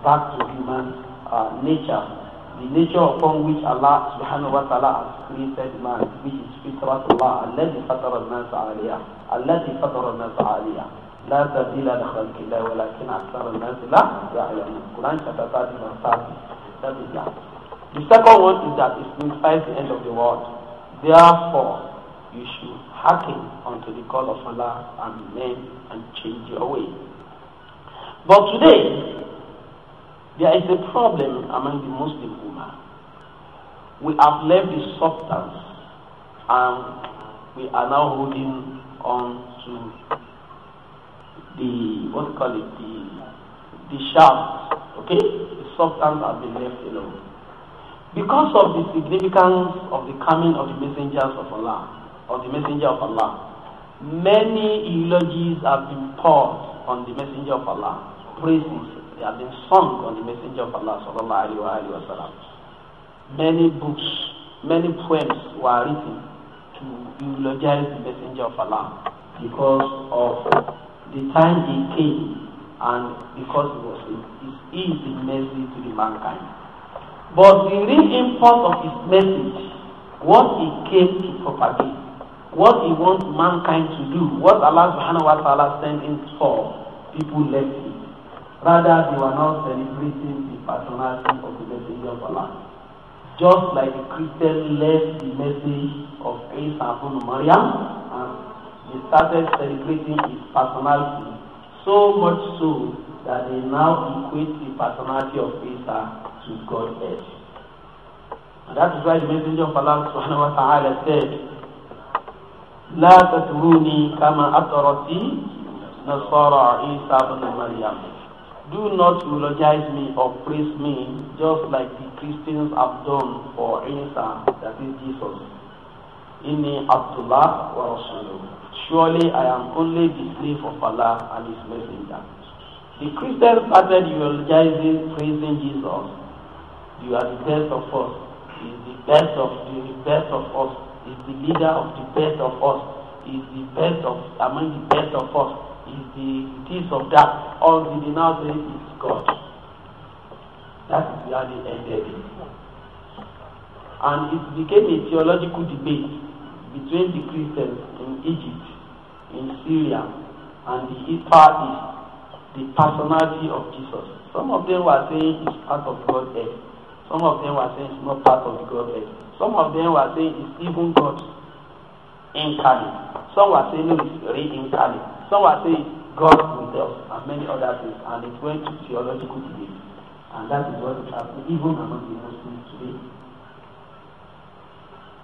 back to human uh, nature. The nature upon which Allah subhanahu wa ta'ala has created man, which is Allah. fitratullah, الذي فطر الناس عليها, الذي فطر الناس عليها. لا تبديل لخلق الله ولكن أكثر الناس لا يعلمون. Quran chapter 30 verse 30. That is that. The second one is that it signifies the end of the world. Therefore, you should hearken unto the call of Allah and mend and change your way. But today, there is a problem among the Muslim women. We have left the substance and we are now holding on to the what do you call it the the shaft okay the substance has been left alone because of the significance of the coming of the messengers of Allah, of the messenger of Allah, many eulogies have been poured on the messenger of Allah. Praises have been sung on the messenger of Allah sallallahu alaihi wasallam. Many books, many poems were written to eulogize the messenger of Allah because of the time he came and because he was he is the mercy to the mankind. But the real import of his message, what he came to propagate, what he wants mankind to do, what Allah subhanahu wa ta'ala sent him for, people left it. Rather, they were not celebrating the personality of the messenger of Allah. Just like the Christian left the message of Isa ibn Maryam, and they started celebrating his personality so much so that they now equate the personality of Isa to Godhead. And that is why the Messenger of Allah subhanahu wa ta'ala said, لا تتروني كما أطرتي نصارى عيسى بن مريم Do not eulogize me or praise me just like the Christians have done for Isa, that is Jesus. Inni Abdullah wa Rasuluh. Surely I am only the slave of Allah and His messenger. The Christians started eulogizing, praising Jesus you are the best of us. is the best of the best of us. is the leader of the best of us. is the best of among the best of us. is the this of that. All the denounce is God. That is where they ended it. And it became a theological debate between the Christians in Egypt, in Syria, and the Far East, the personality of Jesus. Some of them were saying it's part of Godhead. Some of them were saying it's not part of the Godhead. Some of them were saying it's even God incarnate. Some were saying no, it's reincarnate. Some were saying God with us and many other things. And it went to theological debate. And that is what is even among the Muslims today.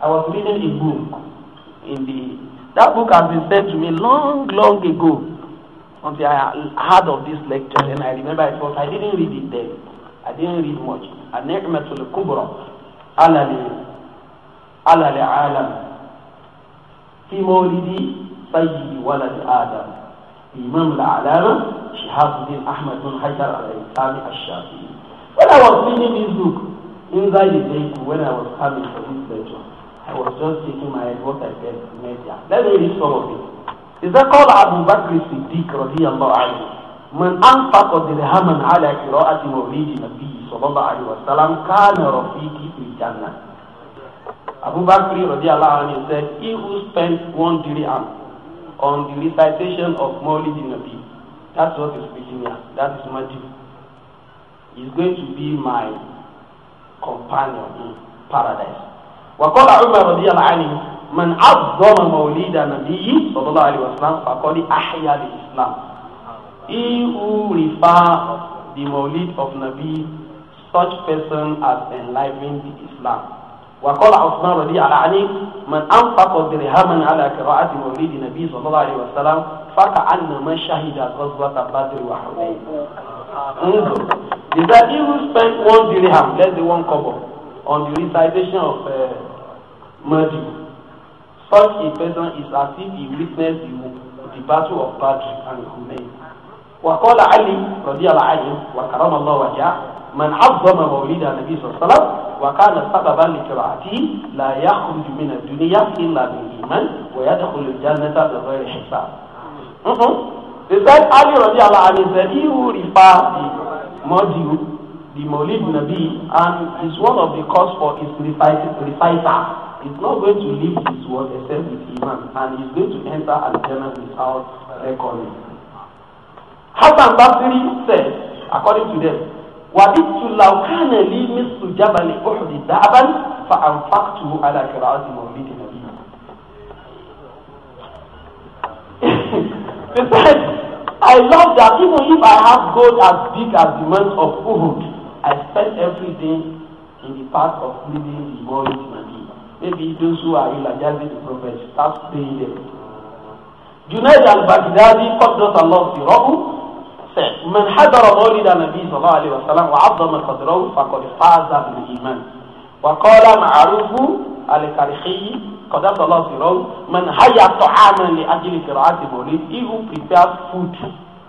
I was reading a book in the that book has been sent to me long, long ago until I heard of this lecture and I remember it was I didn't read it then. I didn't read much. النعمة الكبرى على على العالم في مولد سيد ولد آدم الإمام العلامة شهاب الدين أحمد بن حجر الإسلامي الشافعي When I was reading this book inside the vehicle when I was coming for this lecture, I was just taking my head what I get met there. Let me read some of it. Is that called Abu Bakr Siddiq رضي الله عنه من أنفق درهما على قراءة مولد النبي صلى الله عليه وسلم كان رفيقي في الجنة Abu Bakr radiallahu anhu said, He who spends one dirham on the recitation of Mawlid Nabi, that's what is Virginia, that is magic, is going to be my companion in paradise. وقال عمر رضي الله عنه من عظم مولد النبي صلى الله عليه وسلم فقد أحيا الإسلام He who refer the Mawlid of Nabi, such person as enlivened Islam. وقال عثمان رضي الله عنه من أنفق درهما على قراءة مولد النبي صلى الله عليه وسلم فكأنما شهد غزوة بدر وحنين. Ungo. Is he who spent one dirham, less than one kobo, on the recitation of uh, Mahdi, such a person is as if he witnessed the, the battle of Badr and Hunayn. وقال علي رضي الله عنه وكرم الله وجهه من عظم مولد النبي صلى الله عليه وسلم وكان سببا لكراهته لا يخرج من الدنيا الا بالايمان ويدخل الجنه بغير حساب. They said Ali رضي الله عنه said he who refer the module, the Maulid Nabi, and is one of the cause for his reciter, is not going to leave his world except with Iman, and is going to enter Al-Jannah without recording. Hasan Basiri said according to them wàdìtú làwùkánà lè mísù jábàlì òhùdì dábàn fa àǹfààtù alákìrà ọ̀sìn òbí dì nàbí. he said I love that even if I have gold as big as the month of Uhud I spend every day in the path of living the world to Nabi maybe those who are eulogizing the prophet start saying them. Junaid al-Baghdadi qaddas Allah sirahu. من حضر مولد النبي صلى الله عليه وسلم وعظم قدره فقد فاز بالإيمان وقال معروف الكرخي قدس الله سيره من هيا طعاما لأجل قراءة مولد he who prepares food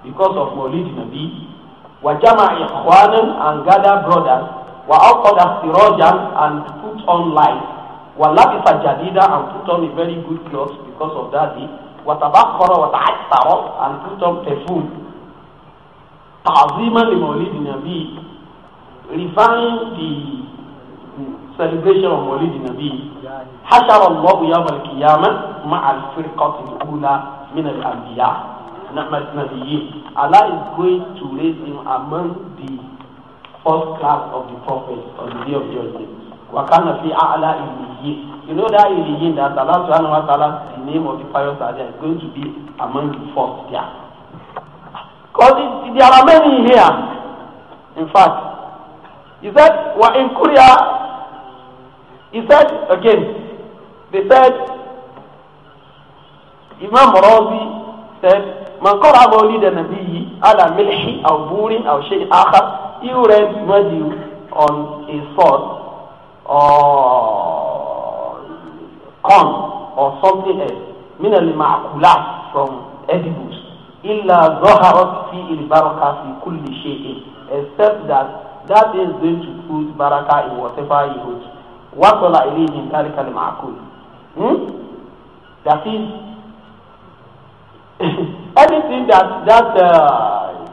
because of مولد النبي وجمع إخوانا and gather brothers وأوقد سراجا and put on light ولبس جديدا and put on a very good clothes because of that day وتبخر وتعثر and put on perfume ta'ziman li mawlid nabi referring the celebration of Mawlid Nabi. حشر الله يوم القيامة مع الفرقة الأولى من الأنبياء نعم النبيين Allah is going to raise him among the first class of the prophets on the day of judgment. وكان في أعلى إليين You know that إليين that Allah subhanahu wa ta'ala the name of the pious are there is going to be among the first there. Because there are many here, in fact. He said, well, in Korea, he said again, they said, Imam Razi said, من قرأ مولد النبي على ملح أو بور أو شيء آخر you read on a sword or corn or something else من المعقولات from edibles illa zoharot fi il baraka fi kulli shay'in except that that is going to put baraka in whatever he holds wasala ilayhi dhalika al-ma'qul hmm? that is [LAUGHS] anything that that uh,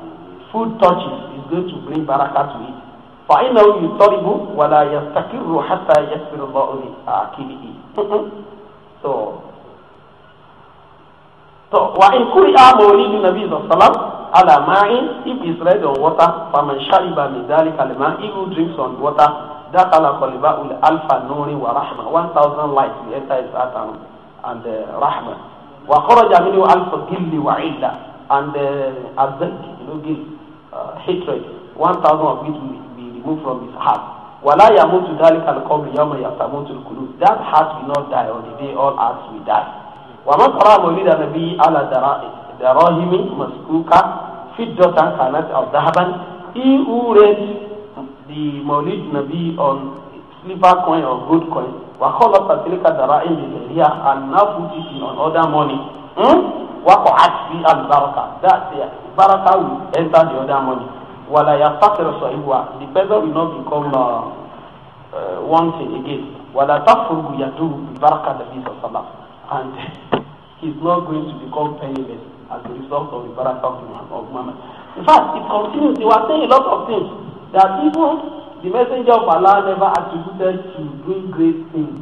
food touches is going to bring baraka to it فإنه يضطرب ولا يستقر حتى يسر الله لآكله [LAUGHS] so to wa in kuri a mawlidu nabi sallam ala ma'in if is on water faman shariba min dhalika al-ma' he drinks on water dakhala qalba'ul alfa nuri wa rahma thousand light will enter his heart and, and uh, rahma wa kharaja minhu alfa gilli wa illa and uh, azak you know guilt uh, hatred thousand of it will be removed from his heart wala yamutu dhalika al-qabr yawma yatamutu al-qulub that heart will not die on the day all hearts will die ومن قرأ مولد النبي على دراهم مسكوكة فضة كانت أو ذهبا he who read the Maulid Nabi on silver coin or gold coin وخلط تلك الدراهم بالهرية and now put it in another money hmm? وقعت في البركة that the baraka will enter the other money ولا يفتقر صاحبها the person will not become uh, uh, wanting again ولا تفرغ يده ببركة النبي صلى الله عليه وسلم and [LAUGHS] he is not going to become penniless as a result of the barakah of Muhammad. In fact, it continues. They were saying a lot of things that even the messenger of Allah never attributed to doing great things.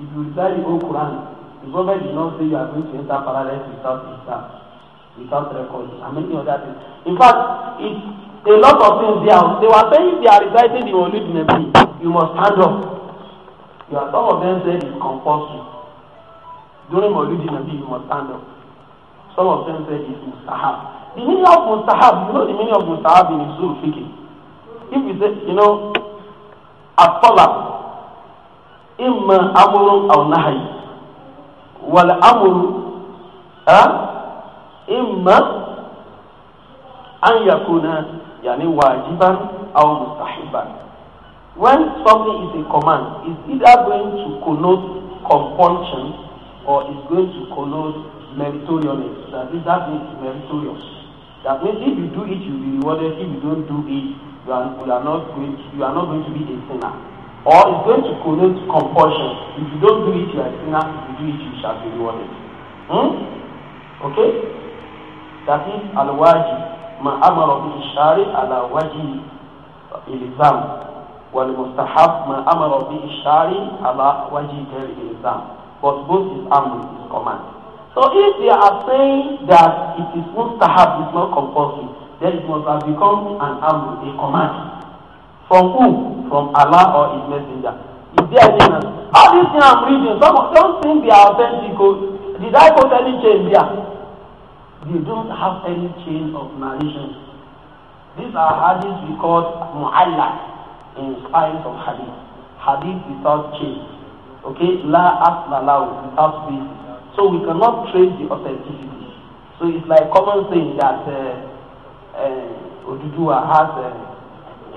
If you recite the whole Quran, the Prophet did not say you are going to enter paradise without Islam, without records, and many other things. In fact, it, a lot of things they are, they were saying they are reciting the Holy Nabi, you must stand up. You are, some of them said it's compulsory during Maulidi Nabi, you must stand up. Some of them say, it's mustahab. The meaning of mustahab, you know the meaning of mustahab in Usul Fiqh. If you say, you know, at-talab imma amrun aw nahy wal amru imma an yakuna yani wajiban aw mustahiban when something is a command it's either going to connote compulsion or is going to connote meritorious. That is that means meritorious. That means if you do it, you'll be rewarded. If you don't do it, you are, you are not going. To, you are not going to be a sinner. Or it's going to connote compulsion. If you don't do it, you are a sinner. If you do it, you shall be rewarded. Hmm? Okay. That is al-wajib. ما أمر به الشارع على وجه الإلزام والمستحب ما أمر به ishari al وجه غير izam but both is armed with his command. So if they are saying that it is mustahab, it's not compulsory, then it must have become an armed with a command. From who? From Allah or His Messenger. Is there any All these things I'm reading, some don't think they are authentic. Oh. Did I put any change there? You don't have any change of narration. These are hadiths we call mu'allak in science of hadith. Hadith without change. Okay, la asla lahu without basis. So we cannot trace the authenticity. So it's like common saying that uh, uh, Oduduwa has uh, then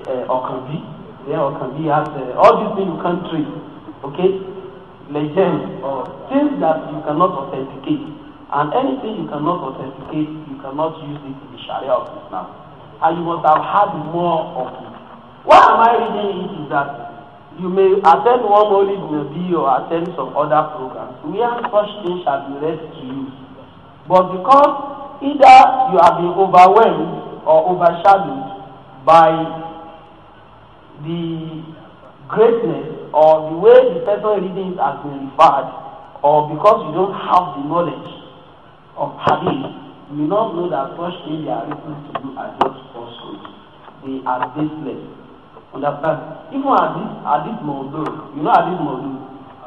uh, Okanbi, has uh, all these things you can't trace. Okay, legends or things that you cannot authenticate. And anything you cannot authenticate, you cannot use it in the Sharia of Islam. And you must have had more of it. Why am I reading it is that You may attend one only in a Nabi or attend some other program. We where such things shall be left to you. But because either you have been overwhelmed or overshadowed by the greatness or the way the person reading it has been referred or because you don't have the knowledge of hadith, you will not know that such things are written to you are just falsehood. They are baseless. Understand? Even hadith, hadith mawdu, you know hadith mawdu,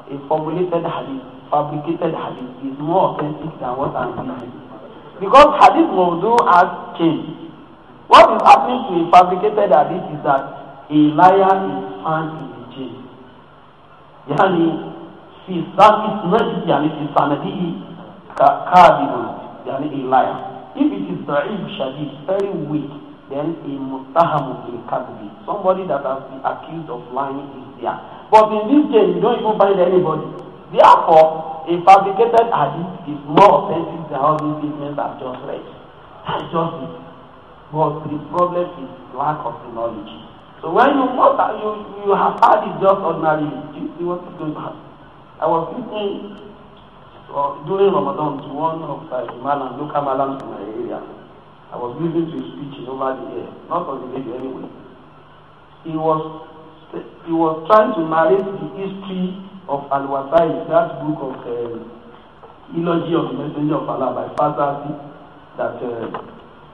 a formulated hadith, fabricated hadith is more authentic than what I'm saying. Because hadith mawdu has changed. What is happening to a fabricated hadith is that a liar is found in the chain. يعني في إسناده fi في سنده كاذب يعني a liar. If it is ضعيف shadi, very weak then a mustahamu bil kadhibi somebody that has been accused of lying is there but in this case you don't even find anybody therefore a fabricated hadith is more authentic than all these statements i just read that's just it but the problem is lack of the knowledge so when you must you you have had it just ordinary you see what is going on i was listening uh, during ramadan to one of uh, the malam local malams in my area. I was listening to his preaching over the air, not on the radio anyway. He was he was trying to narrate the history of Al-Wasai, that book of uh, Eulogy of the Messenger of Allah by Fatazi, that uh,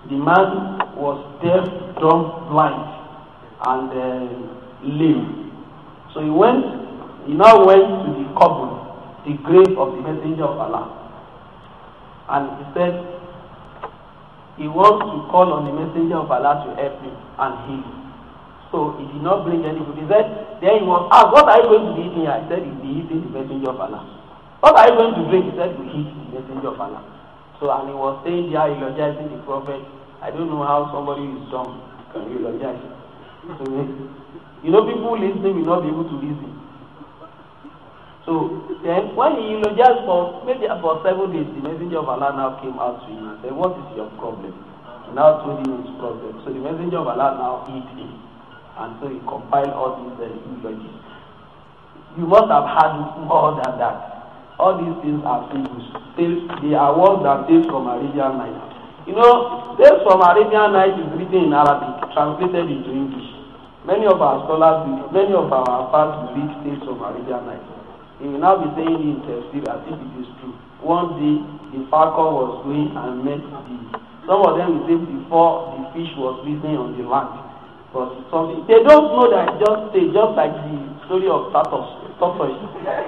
the man was deaf, dumb, blind, and uh, lame. So he went, he now went to the coffin, the grave of the Messenger of Allah, and he said, He wants to call on the messenger of Allah to help him and heal him. So he did not bring anybody. He said, then he was asked, what are you going to be eating? He said, he's eating the messenger of Allah. What are you going to drink? He said, we eat the messenger of Allah. So and he was saying there, eulogizing the prophet. I don't know how somebody is dumb can eulogize. So, [LAUGHS] you know, people listening will not be able to listen. So then, when he eulogized for maybe for seven days, the messenger of Allah now came out to him and said, "What is your problem?" He now told him his problem. So the messenger of Allah now hit him, and so he compiled all these uh, eulogies. You must have had more than that. All these things are fables. They are words that date from Arabian Nights. You know, this from Arabian Nights is written in Arabic, translated into English. Many of our scholars, many of our fans read tales from Arabian Nights. He will now be saying in Tafsir as if it is true. One day, the falcon was going and met the. Some of them will say before the fish was risen on the land. But something they don't know that just they just like the story of Tatos, Tatos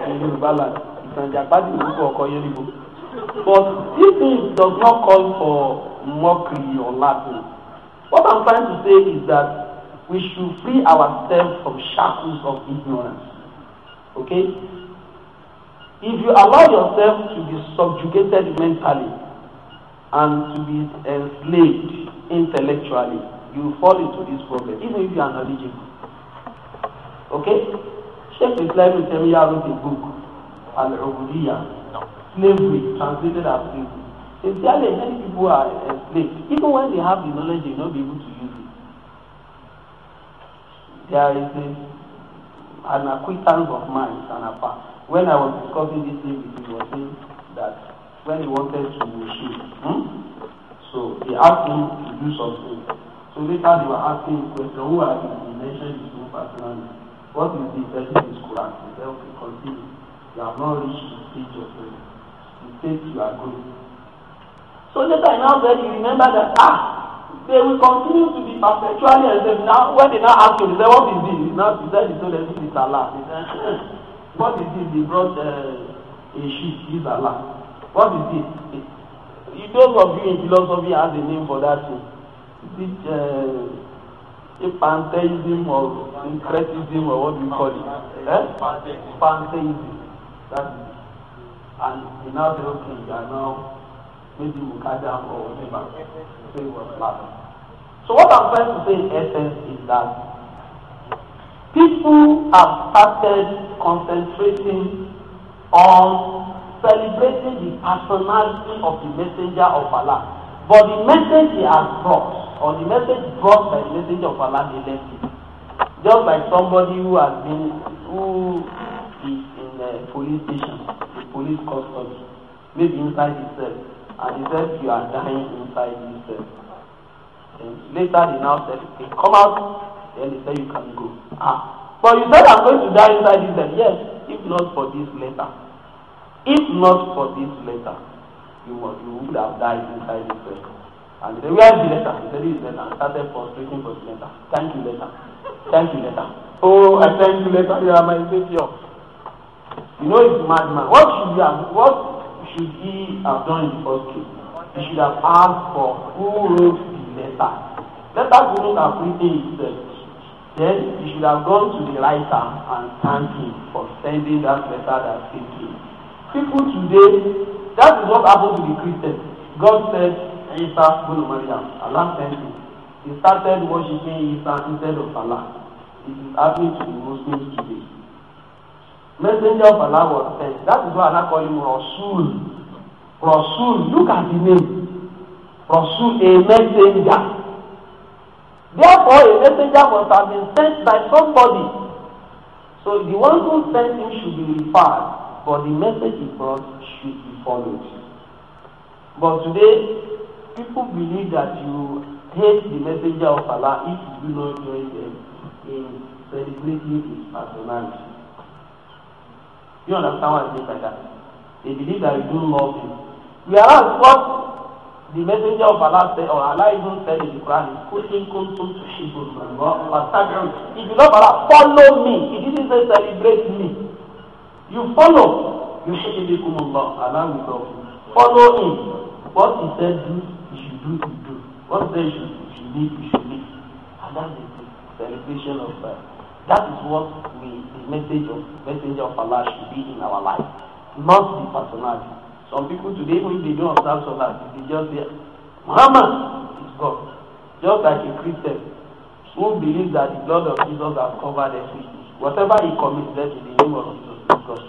in Yoruba land. But this thing does not call for mockery or laughing. What I'm trying to say is that we should free ourselves from shackles of ignorance. Okay? if you allow yourself to be subjugated mentally and to be enslaved intellectually you fall into this problem even if you are knowledgeable okay sheikh islam temiya wrote a book al-ubudiya slavery translated as slavery sincerely many people are enslaved even when they have the knowledge they no be able to use it there is a, an acquittance of mind and a past when I was discussing this thing with him, he was saying that when he wanted to shoot, hmm? so he asked him to do something. So later they were asking him question, who are you? He mentioned his own personality. What is the intention of Quran? He said, okay, continue. You have not reached the stage of prayer. The stage you are going. So later I now said, you remember that, ah, they will continue to be perpetually as if now, when they now ask him, he said, what is this? He, now, he said, he told them, this is Allah. He said, [LAUGHS] hmm. What is it? They brought uh, a sheep, this Allah. What is it? it those of you in philosophy has a name for that thing. Is it uh, a pantheism or syncretism or what do you call it? Eh? Pantheism. That is. And you now say, okay, you are now maybe Mukadam or whatever. So it was So what I'm trying to say in essence is that people have started concentrating on celebrating the personality of the messenger of Allah but the message he has brought or the message brought by the messenger of Allah dey left it just like somebody who has been who is in a police station in police custody maybe inside the cell and he says you are dying inside the cell and later they now say he come out Then he said, You can go. Ah. But you said I'm going to die inside this letter. Yes, if not for this letter. If not for this letter, you, must, you would have died inside this letter. And they said, Where is the letter? He said, This letter. I started frustrating for the letter. Thank you, letter. Thank you, letter. Oh, I thank you, letter. You are my savior. You know, he's a madman. What should he have, what should he have done in the first case? He should have asked for who wrote the letter. Letter couldn't have written itself. Then you should have gone to the writer and thank him for sending that letter that to you. People today, that is what happened to the Christians. God said, Isa, go to Maryam. Allah sent him. He started worshiping Isa instead of Allah. It is happening to the Muslims today. Messenger of Allah was sent. That is why Allah called him Rasul. Rasul, look at the name. Rasul, a messenger. Therefore, a messenger must have been sent by somebody. So the one who sent him should be referred, but the message he brought should be followed. But today, people believe that you hate the messenger of Allah if you do not join them in celebrating his personality. You understand what I mean by that? They believe that you don't love him. We are asked what The messenger of Allah said, or Allah even said in the Quran, Kutin kuntum tushibun If you love Allah, follow me. He didn't say celebrate me. You follow. You shibikum Allah. Allah will love you. Follow him. What he said do, you should do, you do. What he said you should leave, you should leave. And that is the celebration of God. Uh, that is what we, the message of messenger of Allah should be in our life. Not the personality. Some people today, when they don't observe Salah, they just say, Muhammad is God. Just like a Christian who believes that the blood of Jesus has covered their sins. Whatever he commits, let in the name of Jesus is God.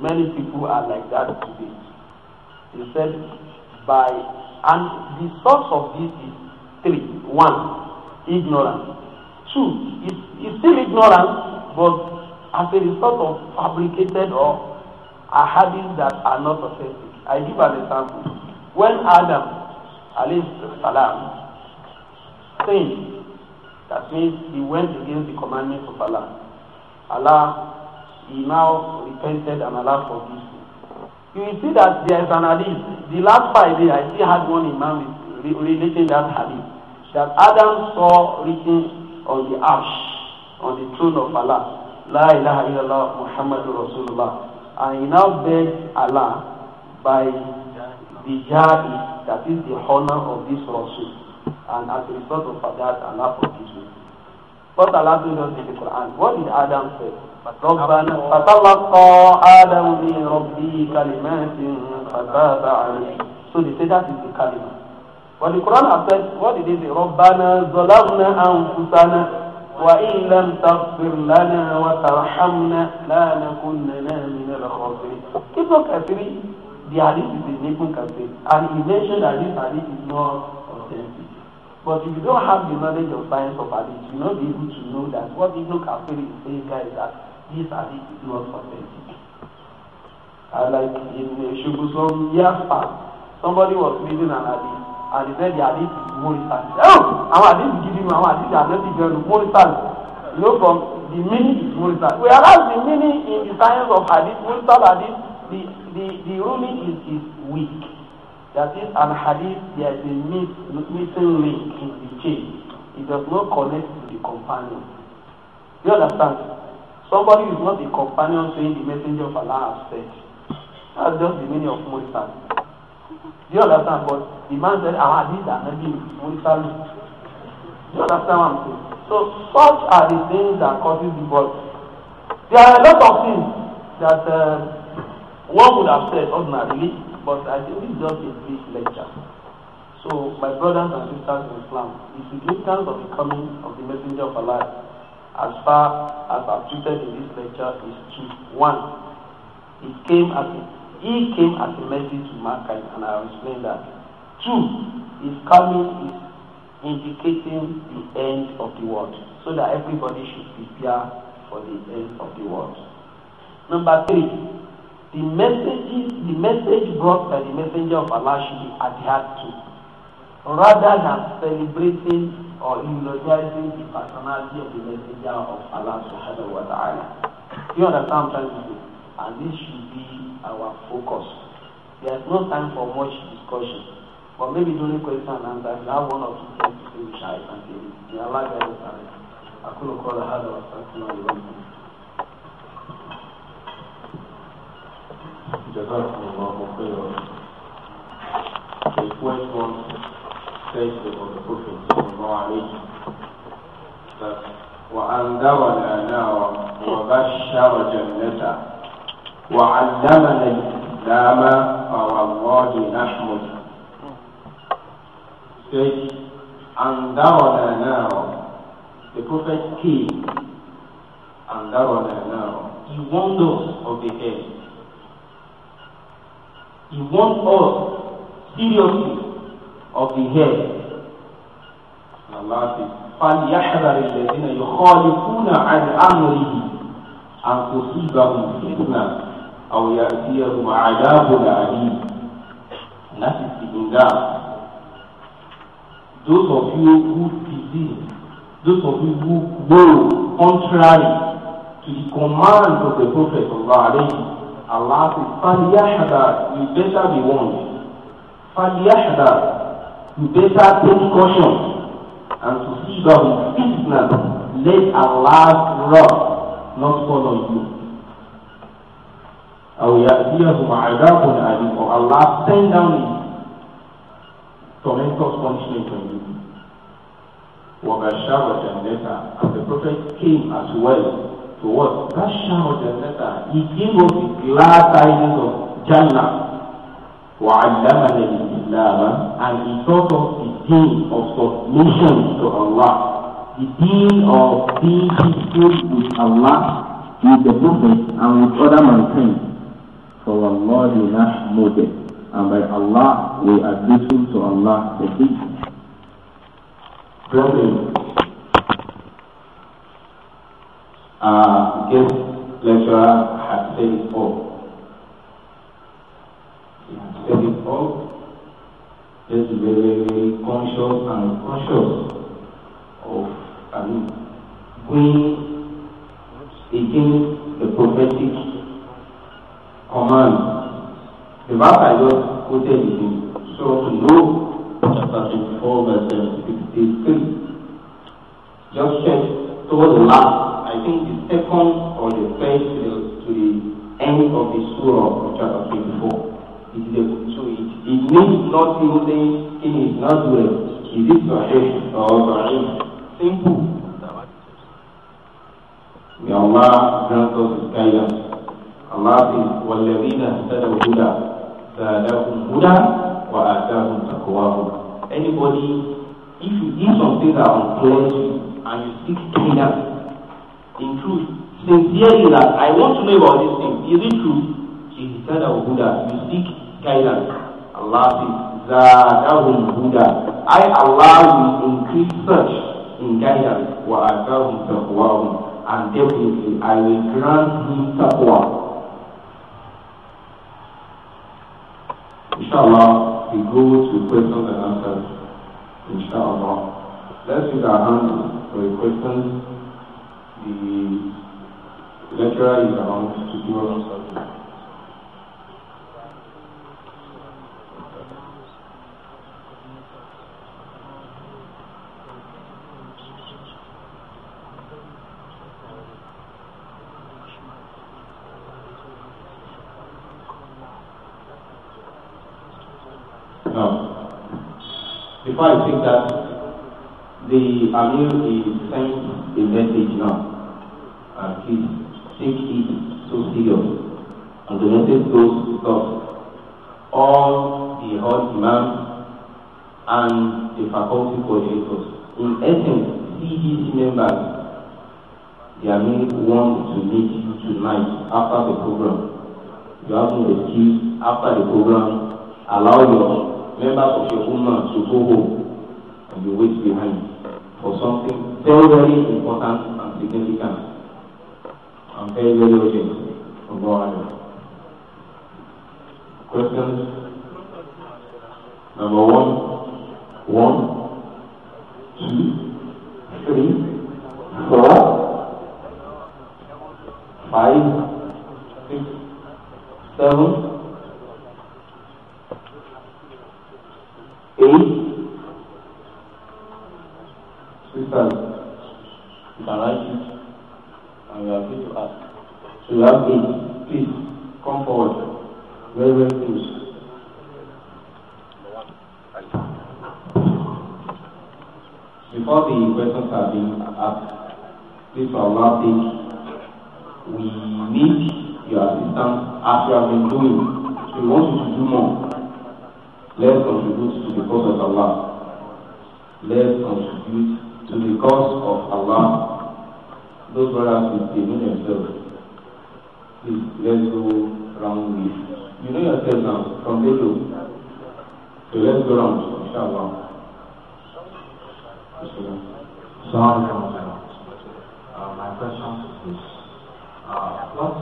Many people are like that today. He said, by, and the source of this is three. One, ignorance. Two, it's, it's still ignorance, but as a result of fabricated or are hadiths that are not authentic. I give an example. When Adam, alayhi salam, sinned, that means he went against the commandments of Allah. Allah, he now repented and Allah forgives him. You will see that there is an hadith. The last Friday, I still had one imam relating that hadith. That Adam saw written on the ash, on the throne of Allah, La ilaha illallah Muhammadur Rasulullah and he now begs Allah by the jihad that is the honor of this Rasul and as a result of that Allah forgives him. What Allah told us in the Quran, what did Adam say? ربنا فتلقى آدم من ربه كلمات فتاب عليه. So they say that is the kalima. When the Quran has said, what did they say? ربنا ظلمنا أنفسنا وإن لم تغفر لنا وترحمنا لنكونن People can say the hadith is a different campaign and he mentioned that this hadith is not authentic. But if you don't have the knowledge of science of hadith, you not be able to know that what Ibn Kafir is saying here is that this hadith is not authentic. And like in Shubu years past, somebody was reading an hadith and he said the hadith is Morrison. Oh! Àwọn hadith is giving me hadith are not even Morrison. You know from the meaning is Morrison. Whereas the meaning in the science of hadith, Morrison hadith the, the, the ruling is, is weak. That is, an hadith, there is a miss, missing link in the chain. It does not connect to the companion. You understand? Somebody is not the companion saying the messenger of Allah has said. That's just the meaning of Musa. Do you understand? But the man said, Ah, these are Nabi Musa. Do you understand what I'm saying? So such are the things that causes divorce. There are a lot of things that uh, One would have said ordinarily, but I think this is just a brief lecture. So, my brothers and sisters in Islam, the significance of the coming of the Messenger of Allah, as far as I treated in this lecture, is two. One, he came as a, he came as a message to mankind, and I'll explain that. Two, his coming is indicating the end of the world, so that everybody should prepare for the end of the world. Number three, the message, the message brought by the messenger of Allah should be adhered to, rather than celebrating or eulogizing the personality of the messenger of Allah subhanahu wa ta'ala. You understand what I'm trying to say? And this should be our focus. There's no time for much discussion. But maybe during question and answer, if you have one or two things to say, we shall answer it. May Allah guide us. أقول قول هذا واستغفر الله لي ولكم جزاكم الله خيرا The question says about the Prophet sallallahu alayhi that وأنذر نارا وبشر جنته وعلمنا الإسلام فوالله نحمد says أنذرنا نارا The Prophet came أنذرنا نارا He warned us of the end He warned us seriously of the hell. Allah says, فَلْيَحْذَرِ الَّذِينَ يُخَالِفُونَ عَنْ أَمْرِهِ أَنْ تُصِيبَهُمْ فِتْنَةٌ أَوْ يَأْتِيَهُمْ عَذَابٌ أَلِيمٌ And that is the Indar. Those of you who believe, those of you who go contrary to the command of the Prophet of Allah Allah says, فَلْيَحْذَرْ You better be warned. فَلْيَحْذَرْ You better take caution. And to see the fitna, let Allah's wrath not follow you. أَوْ يَأْتِيَهُمْ عَذَابٌ عَلِيمٌ Or Allah send down his tormentors punishment on you. وَبَشَّرَةً later, and the Prophet came as well what? that shower jannata he gave us the glad tidings of Jannah وعلمنا الإسلام and he taught us the deen of submission to Allah the deen of being peaceful with Allah with the Prophet and with other mankind for Allah فوالله نحمده and by Allah we are grateful to Allah the this. Brothers, uh, guest lecturer has said it all. He has said it all. Let's be very, very conscious and conscious of I mean, going against the prophetic command. The verse I just quoted is in So to Noah chapter 24, verse 63. Just check toward the last I think the second or the first to the, to the end of the surah of chapter 24. It is a, so it, it means not saying in his Nazareth, is it Sahih or Sahih? Simple. May Allah grant us his guidance. Allah says, وَالَّذِينَ اهْتَدَوْا هُدَى زَادَهُمْ هُدَى وَآتَاهُمْ تَقْوَاهُمْ Anybody, if you do something that unclear and you to guidance, in truth, sincerely that I want to know about this thing. Is it true? He said, "O Buddha, you seek guidance. Allah says, Zadahum Buddha. I allow you increase search in guidance. Wa atahum taqwahum. And definitely, I will grant him taqwa. Inshallah, we go to questions and answers. Inshallah. Let's use our hands for a question. The lecturer is around to do before I take that, the Amir is sent a message now. and please take it so serious and the message goes to us all the hall imams and the faculty coordinators in essence CDC members they are made want to meet you tonight after the program you have no excuse after the program allow your members of your own man to go home and you wait behind for something very very important and significant. I'm very, very urgent Questions? Number one, one, two, three, four, five, six, seven, eight. Sisters, you can write it. and we are free to ask. So you have faith, please come forward. Very, very close. Before the questions are being asked, please for Allah's sake, we need your assistance as you have been doing. We want you to do more. Let's contribute to the cause of Allah. Let's contribute to the cause of Allah those brothers you know yourself. Please, let's go round this. You know yourself now, from day two. So let's go round, inshallah. Salam uh, My question is uh, what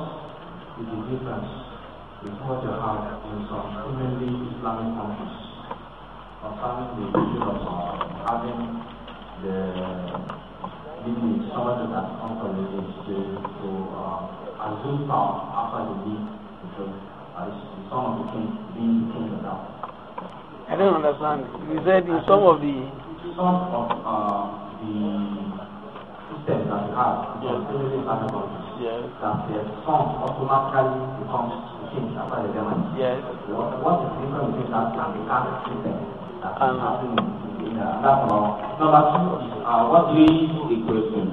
is the difference between what you have in some commonly Islamic countries concerning the issue of uh, having the meeting. So I to ask council members to to uh, assume now after the meeting because uh, some of the things being changed now. I don't understand. You said in some of the some of uh, the systems that we have, yes, everything has a Yes. That the song automatically becomes changed after the demo. Yes. What, what is the difference between that and the current system that is happening? Yeah, that's all. Number two, uh, what do you do a question?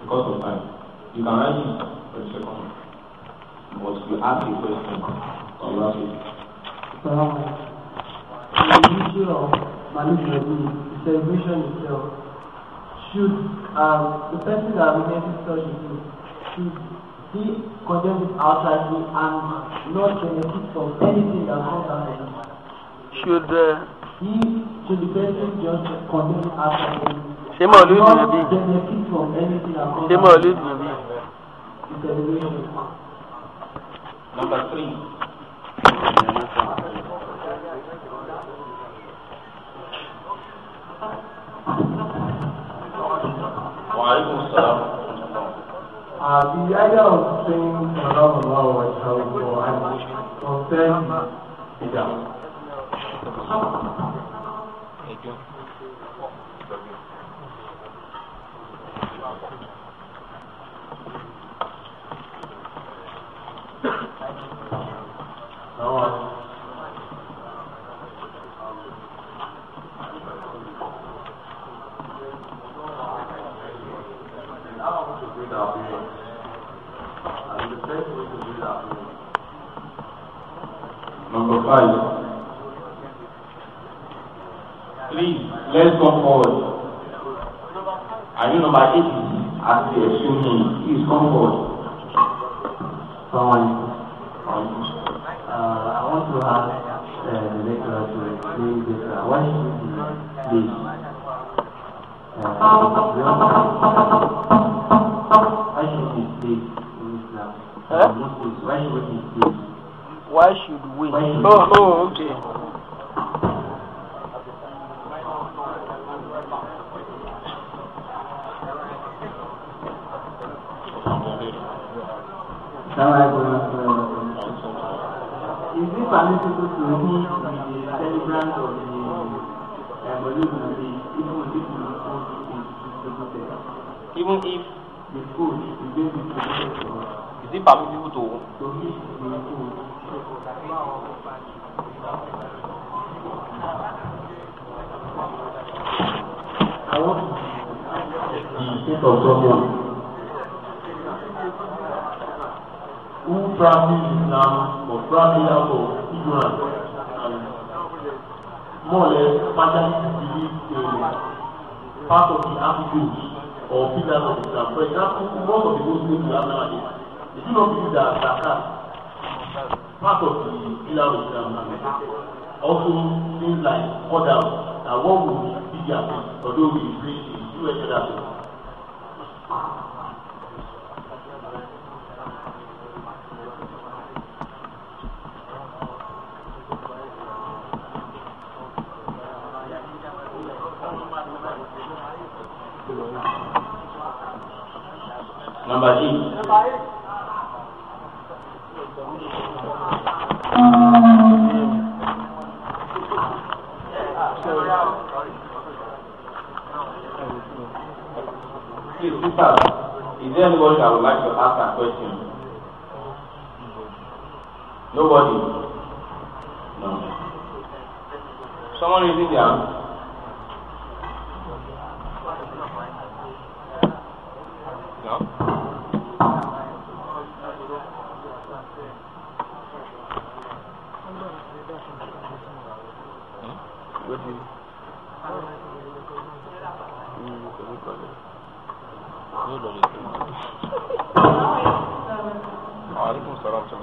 Because of time. You can write it for a second. But you ask a question. So you it. So, the issue of management is celebration itself. Should um, the person that remains such a should be condemned outrightly and not benefit from anything that comes out of it? should uh, ṣé mọ̀lúdì nàbí ṣé mọ̀lúdì nàbí. Number three. Uh, the idea of saying Allah Allah was helpful and concerning the Number five. Please, let's come forward. Are you number eight? As the assuming, please come forward. Someone. Uh, I want to ask uh, the lecturer to explain this. Uh, why should he leave? Uh, why should he leave in Islam? Why should he leave? Why should we? Why should we? oh, okay. Is this permissible to remove the celebrant of the evolution of the even if the food is distributed? Even if the food is being distributed to Is it permissible to? To eat the food. I want to take a problem. primary Islam or primary out of ignorance and more or less partially believe eh, in part of the attitudes or pillars of Islam. For example, most of the Muslims we have nowadays, they do not believe that zakat part of the pillar of Islam. Also things like order that one would be their although we pray in two other Number eight. Number is there anybody that would like to ask a question? Nobody? No. Someone raising their hand?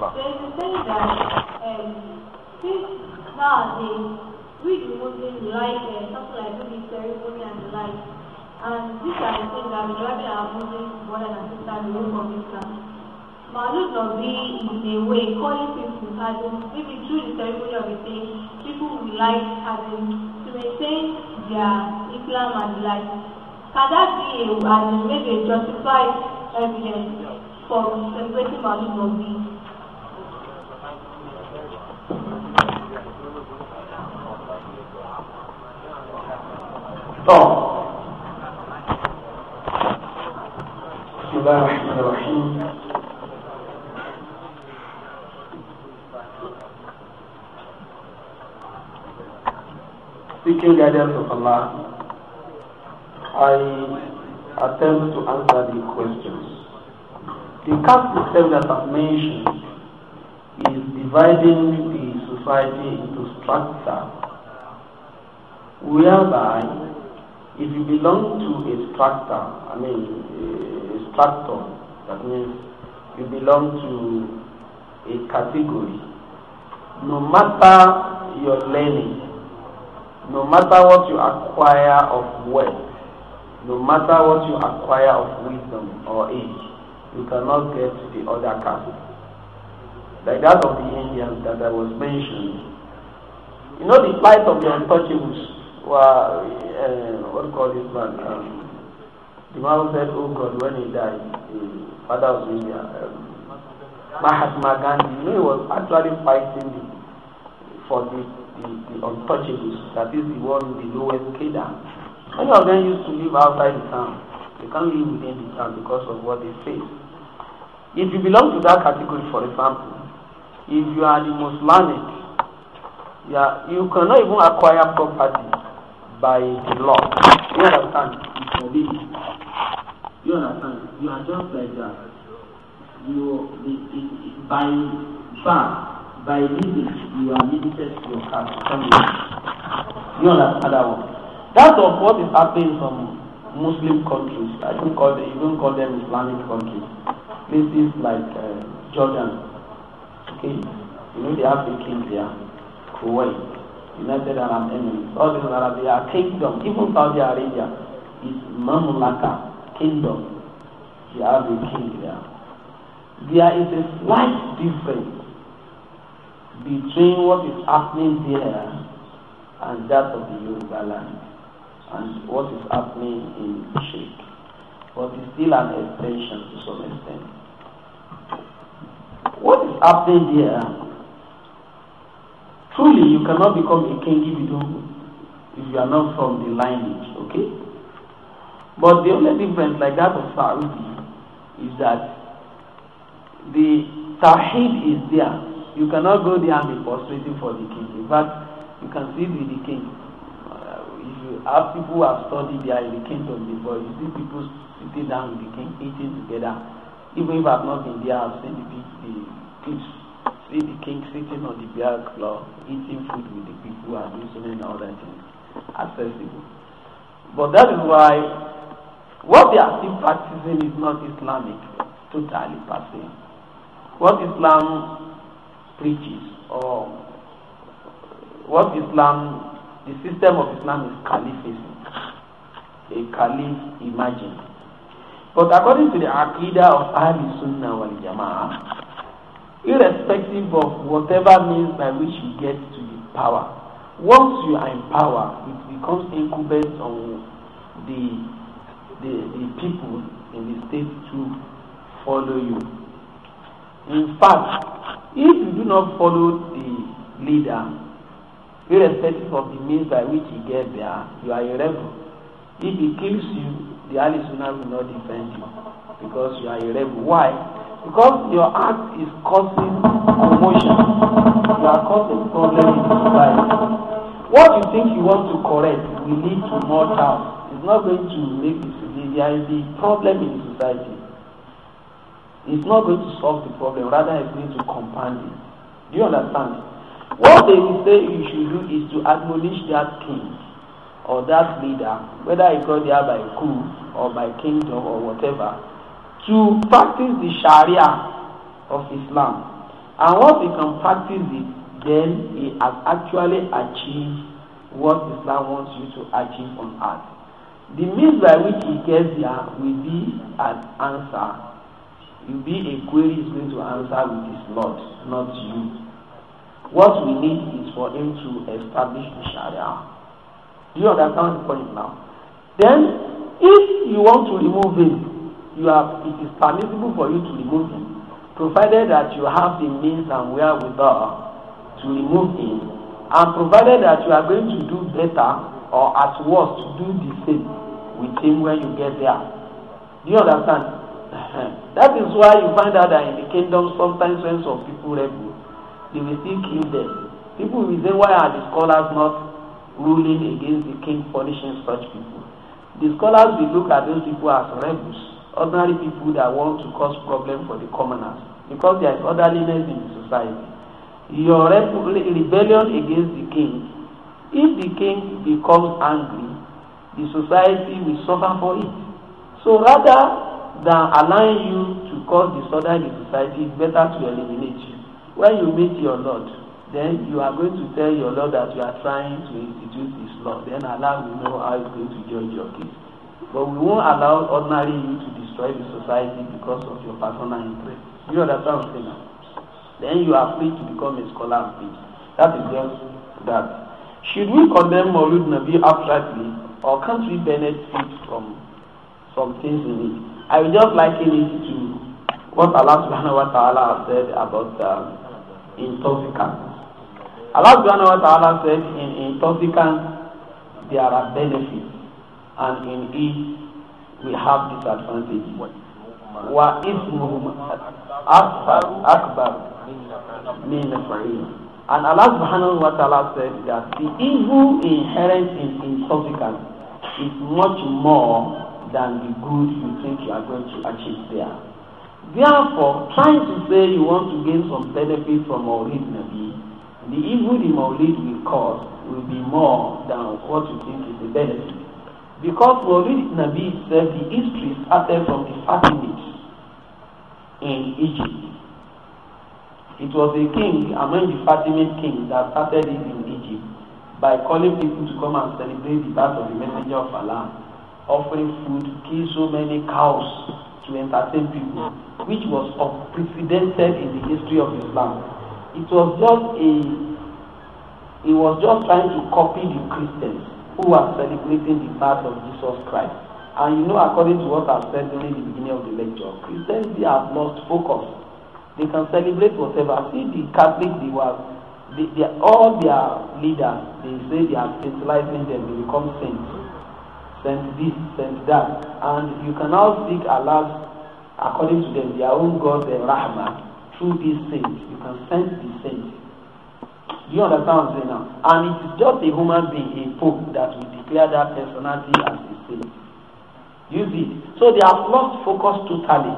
Allah. There is a saying that um, since nowadays we the Muslims like uh, something like doing ceremony and the like, and this are the things that we driving our Muslim brothers and sisters away from Islam. Malut Nabi in a way calling people having maybe through the ceremony of a thing, people will like having to maintain their Islam and the like. Can that be a, and maybe a justified evidence for celebrating Malut Nabi? الطعم بسم الله الرحمن الرحيم Seeking guidance of Allah, I attempt to answer the questions. The caste system that I've mentioned is dividing the society into strata whereby if you belong to a structure, I mean a structure, that means you belong to a category. No matter your learning, no matter what you acquire of wealth, no matter what you acquire of wisdom or age, you cannot get to the other category. Like that of the Indians that I was mentioning. You know the plight of the untouchables uh, what do you call this man? Um, the man said, oh God, when he died, the father of India, um, Mahatma Gandhi, he was actually fighting the, for the, the, the untouchables, that is the one, the lowest cadre. Many of them used to live outside the town. They can't live within the town because of what they face. If you belong to that category, for example, if you are the most learned, you, are, you cannot even acquire property by the law. You understand? It's forbidden. You understand? You are just like that. You the, the, by birth, by living, you are limited to your family. You understand that one? That's of what is happening in some Muslim countries. I don't call them, even call them Islamic countries. Places like uh, Jordan. Okay, you know they have the king there, Kuwait. United Arab Emirates, Saudi Arabia, kingdom, even Saudi Arabia is Mamlaka, kingdom. They has a king there. There is a slight difference between what is happening there and that of the Yoruba land and what is happening in Sheikh. But it's still an extension to some extent. What is happening there Truly, you cannot become a king if you don't if you are not from the lineage, okay? But the only difference, like that of Saudi, is that the Tawheed is there. You cannot go there and be frustrating for the king. In fact, you can see with the king. Uh, if you have people who have studied there in the kingdom before, you see people sitting down with the king, eating together. Even if I have not been there, I've seen the, the clips See the king sitting on the bare floor, eating food with the people and doing so many other things. Accessible. But that is why what they are still practicing is not Islamic, totally per se. What Islam preaches or what Islam, the system of Islam is caliphism, A caliph imagine. But according to the Aqidah of Ahl Sunnah wal Jama'ah, irrespective of whatever means by which you get to the power. Once you are in power, it becomes incumbent on the, the, the people in the state to follow you. In fact, if you do not follow the leader, irrespective of the means by which he get there, you are a rebel. If he kills you, the Alisuna will not defend you because you are a rebel. Why? because your act is causing commotion you are causing problem in society what you think you want to correct will lead to more chaos it's not going to make the there is a problem in society it's not going to solve the problem rather it's going to compound it do you understand what they say you should do is to admonish that king or that leader whether he got there by coup or by kingdom or whatever to practice the sharia of Islam. And once he can practice it, then he has actually achieved what Islam wants you to achieve on earth. The means by which he gets there will be an answer. It will be a query is going to answer with his Lord, not you. What we need is for him to establish the Sharia. Do you understand the point now? Then, if you want to remove him, you have it is permissible for you to remove him provided that you have the means and wherewithal to remove him and provided that you are going to do better or at worst do the same with him when you get there do you understand [LAUGHS] that is why you find out that in the kingdom sometimes when some people rebel they will still kill them people will say why are the scholars not ruling against the king punishing such people the scholars will look at those people as rebels ordinary people that want to cause problem for the commoners because there is orderliness in the society. Your rebellion against the king, if the king becomes angry, the society will suffer for it. So rather than allowing you to cause disorder in the society, it's better to eliminate you. When you meet your Lord, then you are going to tell your Lord that you are trying to institute this law. Then Allah will know how he's going to judge your case. But we won't allow ordinary you to destroy the society because of your personal interest. you understand what I'm saying now? Then you are free to become a scholar and peace. That is just that. Should we condemn Maulud Nabi abstractly or can't we benefit from some things in it? I will just liken it to what Allah subhanahu wa ta'ala has said about um, intoxicants. Allah subhanahu wa ta'ala said in intoxicants there are benefits. and in it we have disadvantage. Wa ismuhum akbar min And Allah subhanahu wa ta'ala said that the evil inherent in insignificance is much more than the good you think you are going to achieve there. Therefore, trying to say you want to gain some benefit from Maulid Nabi, the evil the Maulid will cause will be more than what you think is the benefit. Because Maulid Nabi itself, the history started from the Fatimids in Egypt. It was a king among the Fatimid kings that started it in Egypt by calling people to come and celebrate the birth of the messenger of Allah, offering food, kill so many cows to entertain people, which was unprecedented in the history of Islam. It was just a, he was just trying to copy the Christians who are celebrating the birth of Jesus Christ. And you know, according to what I've said during the beginning of the lecture, Christians they have lost focus. They can celebrate whatever. See the Catholic they were they, they, all their leaders, they say they are saintizing them, they become saints. Saint this, saint that. And you can now seek Allah's, according to them, their own God, their Rahman, through these saints. You can sense the saints you understand what I'm saying now? And it is just a human being, a pope, that will declare that personality as a saint. You see, so they have lost focus totally.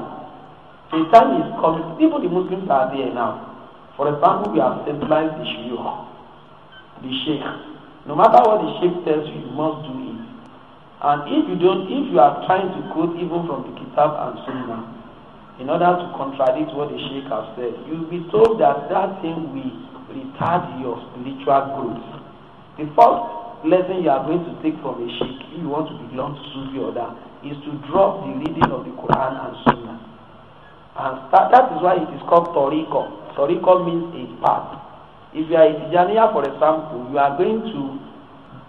The time is coming. Even the Muslims are there now. For example, we have centralized the shuyukh, the sheikh. No matter what the sheikh tells you, you must do it. And if you don't, if you are trying to quote even from the Kitab and Sunnah, in order to contradict what the sheikh has said, you'll be told that that thing will retard your spiritual growth. The first lesson you are going to take from a sheikh if you want to belong to Sufi order is to drop the reading of the Quran and Sunnah. And start, that is why it is called Toriko. Toriko means a path. If you are a Tijaniya, for example, you are going to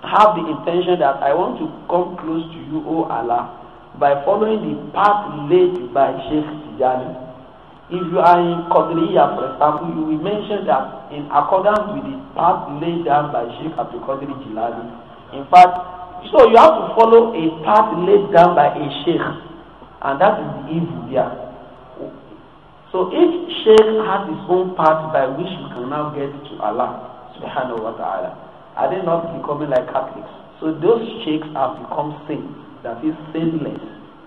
have the intention that I want to come close to you, O Allah, by following the path laid by Sheikh Tijani. If you are in Qadriya, for example, you will mention that in accordance with the path laid down by Sheikh Abdul Qadir Jilani. In fact, so you have to follow a path laid down by a Sheikh, and that is the evil there. So each Sheikh has his own path by which you can now get to Allah subhanahu wa ta'ala, are they not becoming like Catholics? So those Sheikhs have become saints, that is sinless,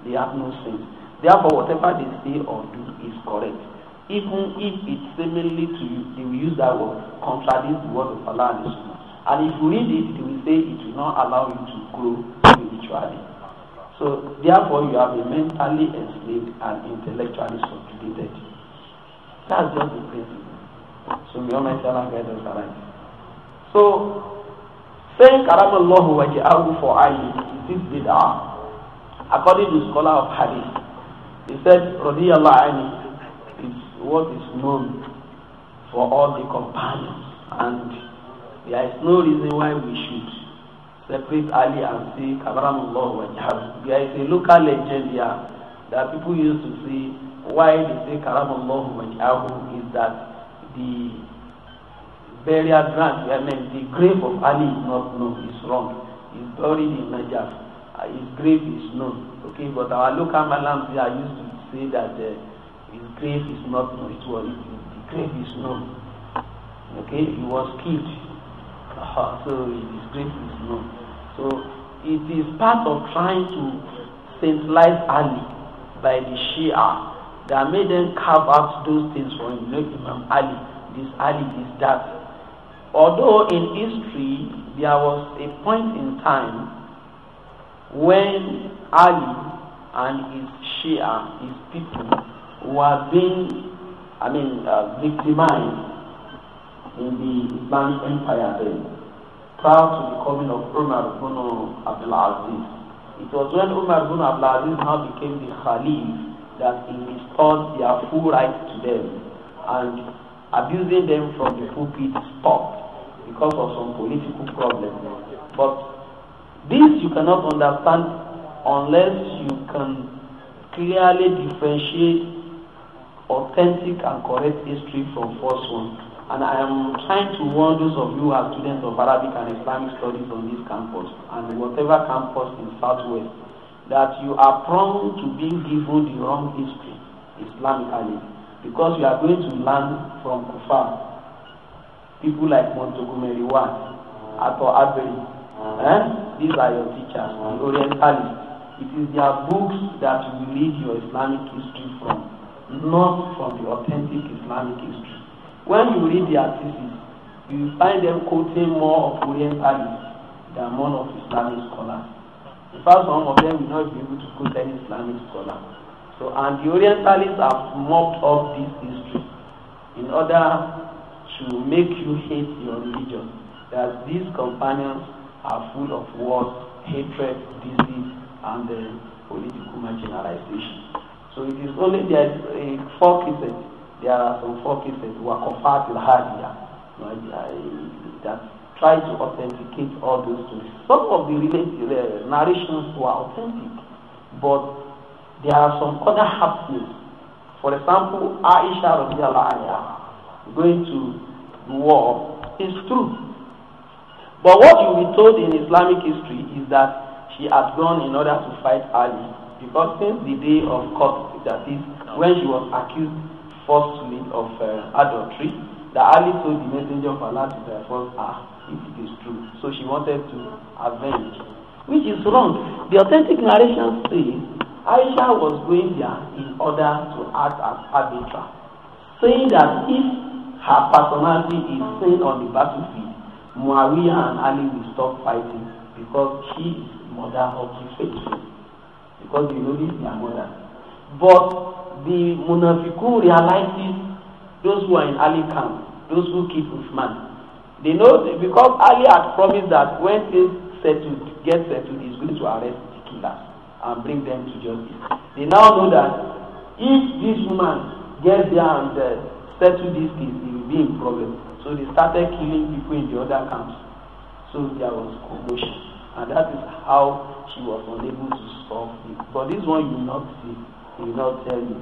they have no sins. Therefore, whatever they say or do is correct, even if it seemingly to you, they will use that word, contradicts the word of Allah and His Sunnah. And if you read it, it will say it will not allow you to grow spiritually. So, therefore, you have been mentally enslaved and intellectually subjugated. That's just the principle. So, may Almighty Allah guide us right. So, saying Karamallahu waja'ahu for Ali is this bid'ah, according to scholar of Hadith. He said, Radiallahu Ali is what is known for all the companions, and there is no reason why we should separate Ali and say Kabramullah wajhab. There is a local legend here that people used to say why they say Karamullah wajhab is that the burial ground, I mean the grave of Ali is not known, it's wrong. He's buried in Najaf. Uh, his grave is known. Okay, but our local malams here used to say that uh, his grave is not known. It was it, the grave is known. Okay, he was killed, uh, so his grave is known. So it is part of trying to centralize Ali by the Shia that made them carve out those things for him. Like Imam Ali, this Ali, this that. Although in history there was a point in time when Ali and his Shia, his people, were being, I mean, uh, victimized in the Islamic Empire then, prior to the coming of Umar ibn Abdul Aziz. It was when Umar ibn Abdul Aziz now became the Khalif that he restored their full rights to them and abusing them from the pulpit stopped because of some political problems. But This you cannot understand unless you can clearly differentiate authentic and correct history from false one. And I am trying to warn those of you who are students of Arabic and Islamic studies on this campus and whatever campus in Southwest that you are prone to being given the wrong history Islamically because you are going to learn from Kufar, people like Montgomery Watt, Ato Abeli, Eh? These are your teachers, the Orientalists. It is their books that you read your Islamic history from, not from the authentic Islamic history. When you read their thesis, you find them quoting more of Orientalists than more of Islamic scholars. In fact, some of them will not be able to quote any Islamic scholar. So, and the Orientalists have mopped up this history in order to make you hate your religion. That these companions are full of war, hatred, disease, and uh, political marginalization. So it is only there is uh, four cases. There are some four cases who are conferred eh, in Hadia that try to authenticate all those stories. Some of the related, uh, eh, narrations were authentic, but there are some other happenings. For example, Aisha Radiallahu going to war is true But what you be told in Islamic history is that she had gone in order to fight Ali because since the day of court, that is, when she was accused falsely of uh, adultery, that Ali told the messenger of Allah to divorce her if it is true. So she wanted to avenge, which is wrong. The authentic narration says Aisha was going there in order to act as arbiter, saying that if her personality is seen on the battlefield, Muawiya and Ali will stop fighting because she is the mother of the faithful. Because you know this is their mother. But the Munafiku realizes those who are in Ali camp, those who keep Usman. They know because Ali had promised that when things settled, get settled, he's going to arrest the killers and bring them to justice. They now know that if this woman gets there and uh, settle this case, he will be in problem. So they started killing people in the other camps. So there was commotion. And that is how she was unable to solve it. But this one you will not see, he will not tell you.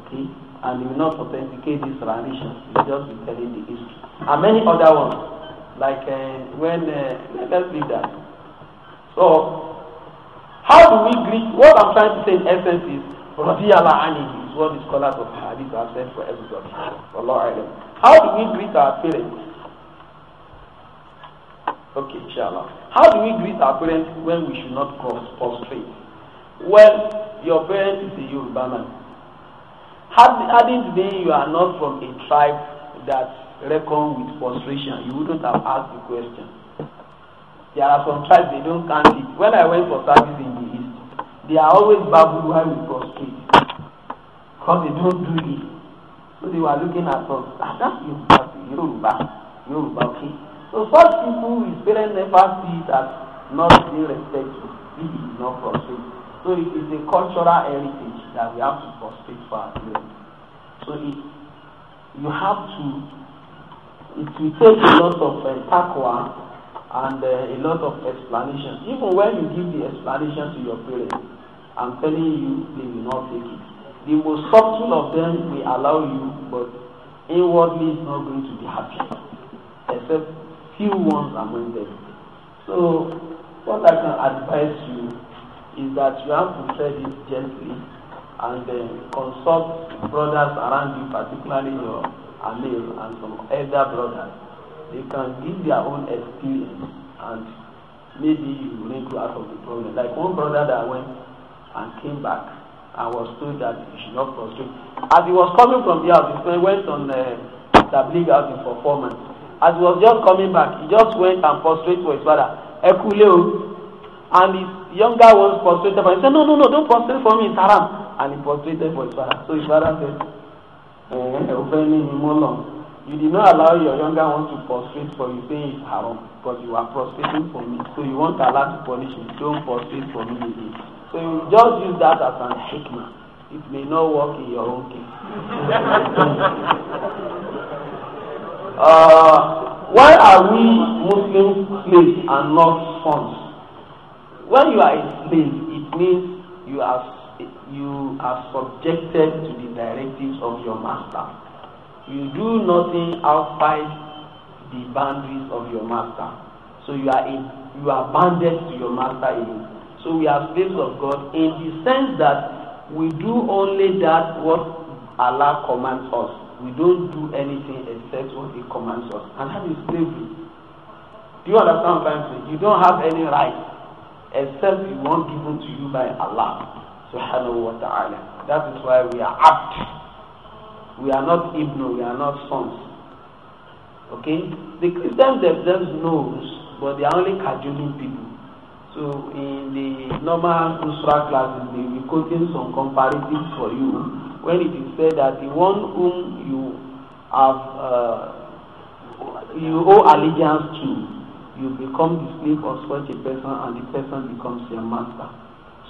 Okay? And he will not authenticate this tradition. He will just be telling the history. And many other ones. Like uh, when, uh, us leave that. So, how do we greet? What I'm trying to say in essence is, Radiyallahu anhu is what the scholars of Hadith have said for everybody. Allah Alam. How do we greet our parents? Okay, inshallah. How do we greet our parents when we should not cross prostrate? Well, your parents is a Yoruba man. Hadn't been you are not from a tribe that reckon with prostration, you wouldn't have asked the question. There are some tribes they don't count it. When I went for service in the East, they are always babbling while we prostrate because they don't do it. So they were looking at us. Ah, that's Yoruba, Yoruba, Yoruba, okay. So such people, his parents never see it as not being respected. He is not frustrated. So it is a cultural heritage that we have to frustrate for our children. So it, you have to, it will take a lot of uh, eh, taqwa and uh, a lot of explanation. Even when you give the explanation to your parents, I'm telling you, they will not take it the most subtle of them may allow you, but inwardly is not going to be happy, except few ones among them. So, what I can advise you is that you have to tread it gently and then consult brothers around you, particularly your Amir and some elder brothers. They can give their own experience and maybe you will make out of the problem. Like one brother that went and came back and was told that he should not prostrate. As he was coming from the house, his friend went on uh, Tabligh house in performance. As he was just coming back, he just went and prostrated for his father, Ekuleo. And his younger ones prostrated for him. He said, No, no, no, don't prostrate for me, it's haram. And he prostrated for his father. So his father said, eh, Ofeni Himolon, you did not allow your younger one to prostrate for you, saying it's haram, because you are prostrating for me. So you want Allah to punish me. Don't prostrate for me again. So you just use that as an hikmah. It may not work in your own case. [LAUGHS] uh, why are we Muslims slaves and not sons? When you are a slave, it means you are you are subjected to the directives of your master. You do nothing outside the boundaries of your master. So you are in you are bounded to your master in So we are slaves of God in the sense that we do only that what Allah commands us. We don't do anything except what He commands us. And that is slavery. Do you understand what I'm saying? You don't have any right except the one given to you by Allah subhanahu wa ta'ala. That is why we are apt. We are not ibn, we are not sons. Okay? The Christians themselves knows, but they are only cajoling people. So in the normal cultural classes, they will be quoting some comparatives for you when it is said that the one whom you have uh, you owe allegiance to, you become the slave of such a person, and the person becomes your master.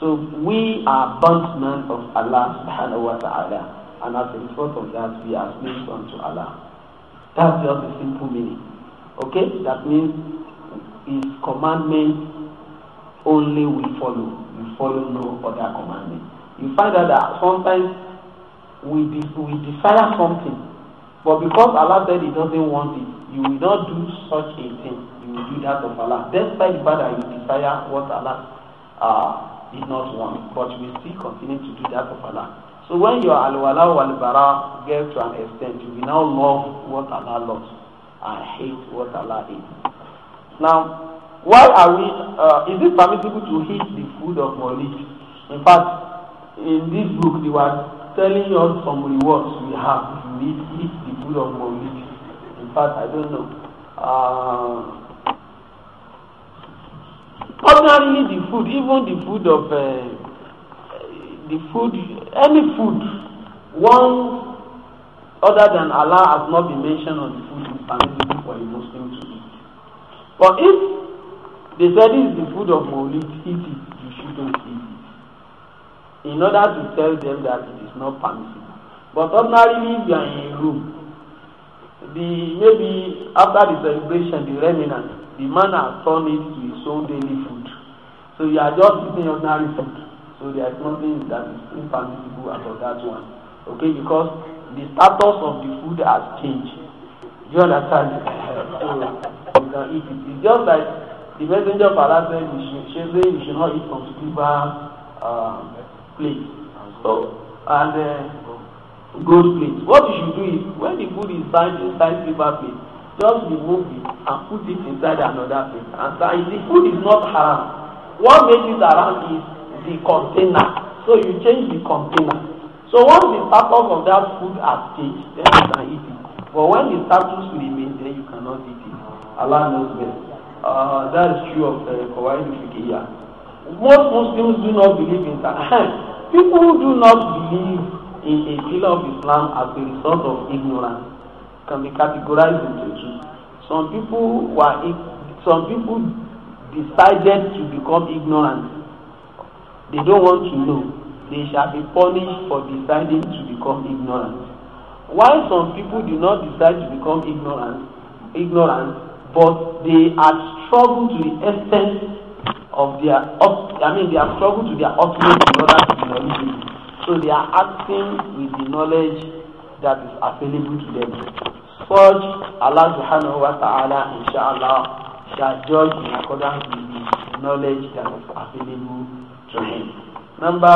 So we are bondmen of Allah subhanahu wa ta'ala, and as a result of that, we are slaves unto Allah. That's just a simple meaning. Okay? That means His commandments only we follow we follow no other commandment you find out that sometimes we de we desire something but because Allah said he doesn't want it you will not do such a thing you will do that of Allah despite the fact that you desire what Allah uh, did not want but you will still continue to do that of Allah so when your alwala walbara get to an extent you will now love what Allah loves and hate what Allah hates now why are we uh, is it permissible to eat the food of Molid in fact in this book they were telling us some rewards we have if you eat, eat the food of Molid in fact I don't know uh, ordinarily the food even the food of uh, the food any food one other than Allah has not been mentioned on the food is permissible for a Muslim to eat but if They said this is the food of Mawlid, eat it, you shouldn't eat it. In order to tell them that it is not permissible. But ordinarily, if you are in a room, the maybe after the celebration, the remnant, the man has turned it to his own daily food. So you are just eating ordinary food. So there is nothing that is impermissible about that one. Okay, because the status of the food has changed. Do you understand? [LAUGHS] so you can eat it. It's just like The messenger of Allah said, she said you should not eat from silver um, plate. So, and uh, gold plate. What you should do is, when the food is served inside silver plate, just remove it and put it inside another plate. And so, if the food is not haram, what makes it haram is the container. So you change the container. So once the purpose of that food has changed, then you can eat it. But when the status remains, then you cannot eat it. Allah knows best. Uh, that is true of uh, Kawaii Fikiya. Most Muslims do not believe in that. [LAUGHS] People who do not believe in a pillar of Islam as a result of ignorance can be categorized into two. Some people were some people decided to become ignorant. They don't want to know. They shall be punished for deciding to become ignorant. While some people do not decide to become ignorant, ignorant but they had struggled to the extent of their I mean they have struggled to their ultimate in order to be knowledgeable. So they are acting with the knowledge that is available to them. Such Allah subhanahu wa ta'ala inshallah shall judge in accordance with the knowledge that is available to him. Number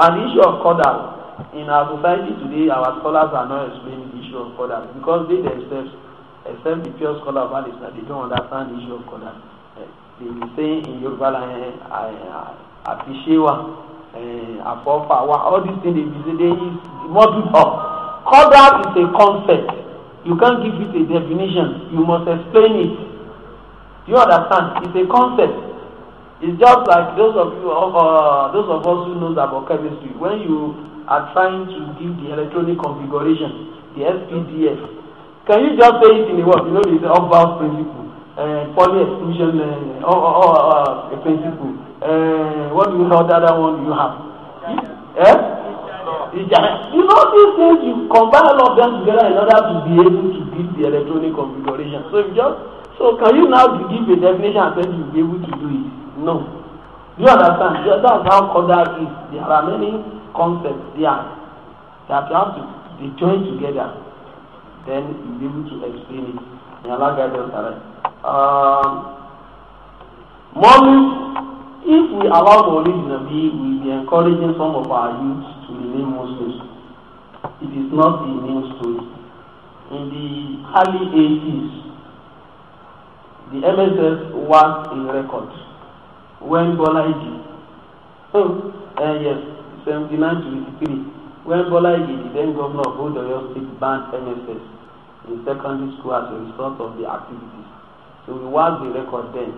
an issue of qadar in our society today our scholars are not explaining the issue of qadar because they themselves except the pure scholar of Al-Islam, they don't understand the issue of Qadar. Uh, they will say in Yoruba land, Apishewa, Afofawa, all these things they will say, they is muddled up. Qadar is a concept. You can't give it a definition. You must explain it. Do you understand? It's a concept. It's just like those of you, uh, uh those of us who knows about chemistry. When you are trying to give the electronic configuration, the SPDF, Can you just say it in a word? You know, the all principle. Uh, poly exclusion uh, or, or, or uh, principle. Uh, what do you know that other one you have? Yeah. Yeah. You know these things, you combine all of them together in order to be able to beat the electronic configuration. So if just so can you now give a definition and say you be able to do it? No. You understand? That's how Kodak is. There are many concepts there that you have to be joined together. then you'll be able to explain it. May Allah guide us Um, if we allow to be, we'll be encouraging some of our youth to remain Muslims. It is not the main story. In the early 80s, the MSS was in record when Bola Iji, oh, uh, yes, 79 to 83 When Bola the then governor of Old Oyo State, banned NSS in secondary school as a result of the activities. So we watch the record then.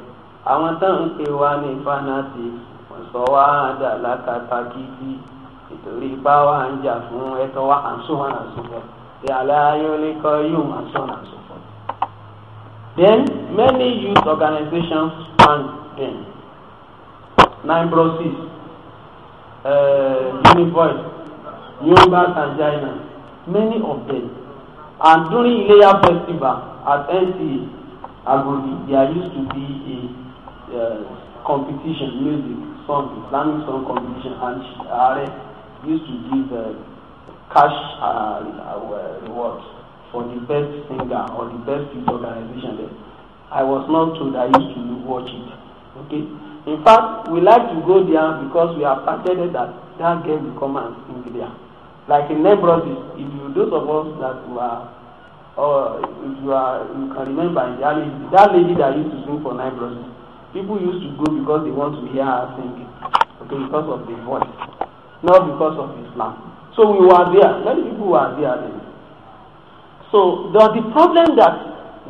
Àwọn táwọn ṣe wá ní fanatics, wọ́n sọ wá dà lákàtà kìkì, nítorí ipá wa ń jà and so on and so forth. The Alayolikọ yóò and so on and so forth. Then many youth organizations stand then. Nine Bros. Uh, eh, Univoice. Yorubas and China, many of them. And during Ileya festival at NCA Agodi, there used to be a uh, competition, music, song, Islamic song competition, and Are used to give uh, cash uh, uh, rewards for the best singer or the best youth organization there. I was not told I used to watch it. Okay. In fact, we like to go there because we have targeted that that girl become an and there like in leprosy if you those of us that were or if you are you can remember in the that lady that used to sing for leprosy people used to go because they want to hear her sing okay because of the voice not because of Islam so we were there many people were there then so the the problem that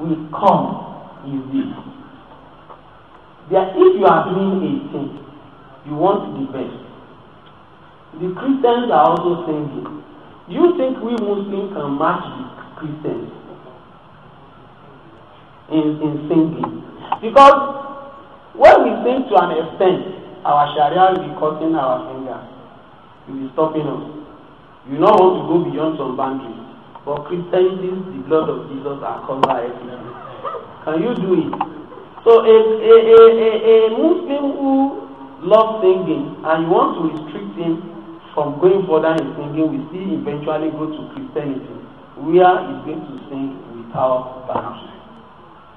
will come is this that if you are doing a thing you want the best The Christians are also thinking. Do you think we Muslims can match the Christians in, in thinking? Because when we think to an extent, our Sharia will be cutting our fingers. It will be stopping us. You don't want to go beyond some boundaries. For Christianity, the blood of Jesus are covered everything. Can you do it? So a, a, a, a, a Muslim who loves singing and you want to restrict him from going further in singing we see eventually go to Christianity where he is going to sing without bounds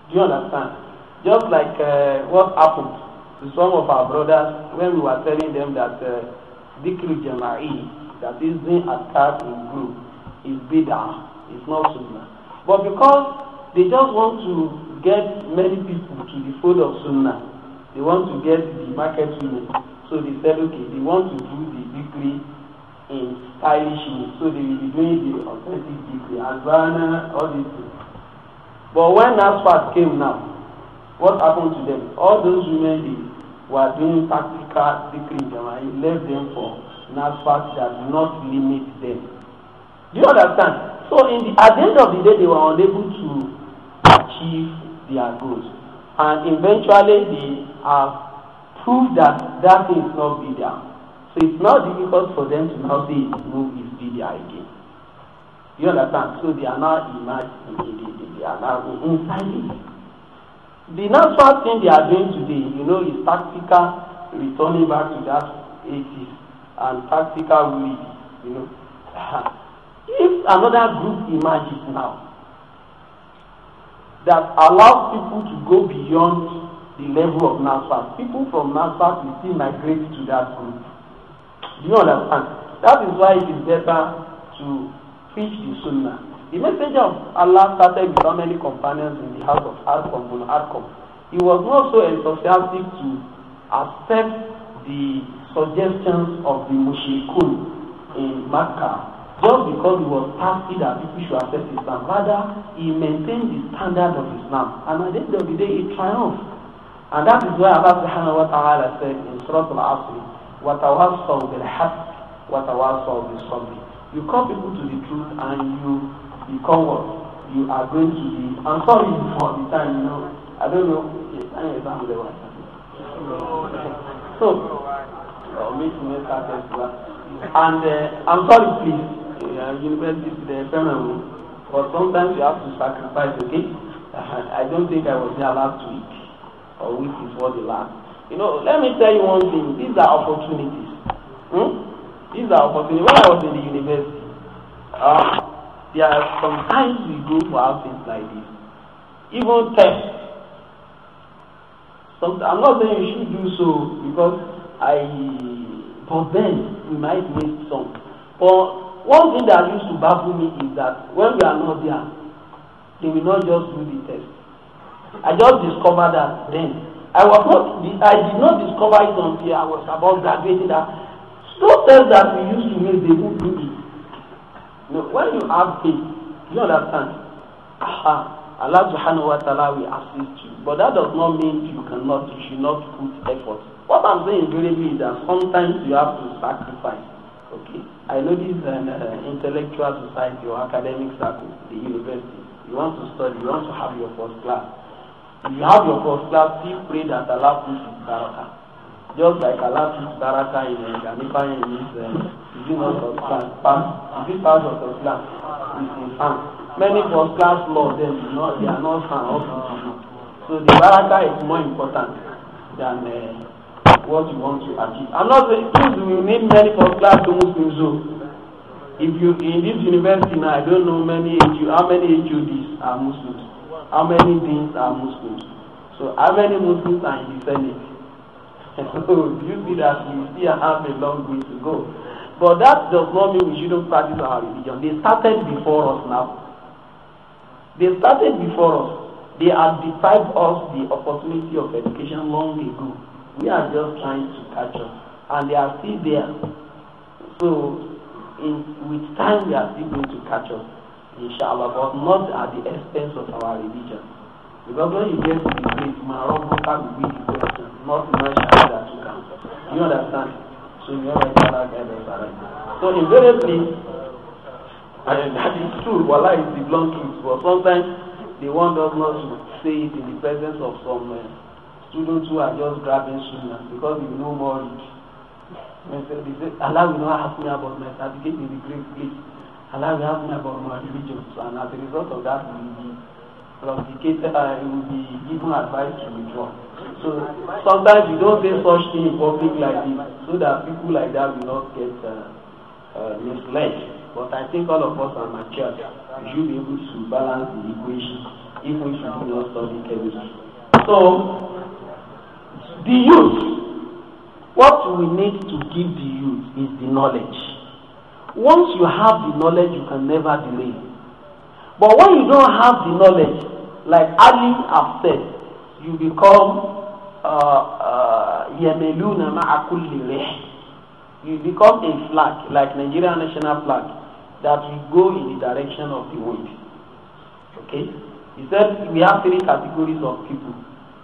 do you understand just like uh, what happened to some of our brothers when we were telling them that uh, dikri uh, jama'i that is being attacked in group is bidah it's not sunnah but because they just want to get many people to the fold of sunnah they want to get the market women So they said, okay, they want to do the degree in stylish way. So they will be doing the authentic degree, Azana, all these things. But when NASFAT came now, what happened to them? All those women they were doing practical degree, and left them for NASFAT that did not limit them. Do you understand? So in the, at the end of the day, they were unable to achieve their goals. And eventually they have prove that that thing is not bidah. So it's not difficult for them to now say his move is bidah again. You understand? So they are now imagining, they, they, they are now inside it. The natural thing they are doing today, you know, is tactical returning back to that 80s and tactical will, you know. [LAUGHS] if another group emerges now that allows people to go beyond the level of NAFAS. People from NAFAS will still migrate to that group. Do you understand? That is why it is better to preach the Sunnah. The messenger of Allah started with how many companions in the house of Arkham bin Arkham. He was not so enthusiastic to accept the suggestions of the Mushrikun in Makkah just because he was thirsty that people should accept Islam. Rather, he maintained the standard of Islam. And at the end of the day, he triumphed. And that is why Allah subhanahu wa ta'ala said in Surah Al-Asr, وَتَوَصَّوْا بِالْحَقِّ وَتَوَصَّوْ بِالصَّبْرِ You call people to the truth and you become what? You are going to be, I'm sorry for the time, you know, I don't know, yes, I know example the So, or make me start And uh, I'm sorry please, uh, university is the feminine, but sometimes you have to sacrifice, okay? [LAUGHS] I don't think I was there last week. or which is what they You know, let me tell you one thing. These are opportunities. Hmm? These are opportunities. When I was in the university, uh, there are sometimes we go for things like this. Even tests. Some, I'm not saying you should do so because I. But then we might miss some. But one thing that used to baffle me is that when we are not there, they will not just do the test I just discovered that then. I was not, I did not discover it until I was about graduating that those things that we used to make, they would do it. No, when you have faith, you understand. Aha, Allah subhanahu wa ta'ala will assist you. But that does not mean you cannot, you should not put effort. What I'm saying really is that sometimes you have to sacrifice. Okay? I know this an um, uh, intellectual society or academic circle, the university. You want to study, you want to have your first class you have your first class still pray that Allah puts his baraka just like Allah puts baraka in uh, Ganipa in his uh, is it not class pass is it pass or cross class is in hand many first class law dem you know they are not hand up to you so the baraka is more important than uh, what you want to achieve I'm not saying you will need many first class to move in zoo if you in this university now I don't know many how many HUDs are Muslims how many beings are Muslims? So how many Muslims are in the Senate? so [LAUGHS] oh, you see that we still have a long way to go. But that does not mean we shouldn't practice our religion. They started before us now. They started before us. They have deprived us the opportunity of education long ago. We are just trying to catch up. And they are still there. So in, with time, we are still going to catch up inshallah but not at the expense of our religion because when you get to the place marocco can be the question not mention that you can you understand so you know why allah guide us around so invariably and that is true wala is the blunt truth but sometimes the one does not say it in the presence of some uh, students who are just grabbing sunnah because you know more read. And so they say, Allah will not ask me about my certificate in the great place allow we have member of religions and as a result of that we will be promulgated uh, we be given advice to withdraw so sometimes you don't say such thing in public like this so that people like that will not get uh, uh, misled but I think all of us are mature we should be able to balance the equation if we should not study chemistry so the youth what we need to give the youth is the knowledge once you have the knowledge you can never delay but when you don't have the knowledge like ali have said you become uh, uh, yameluna nama kulli you become a flag like Nigeria national flag that will go in the direction of the wind okay he said we have three categories of people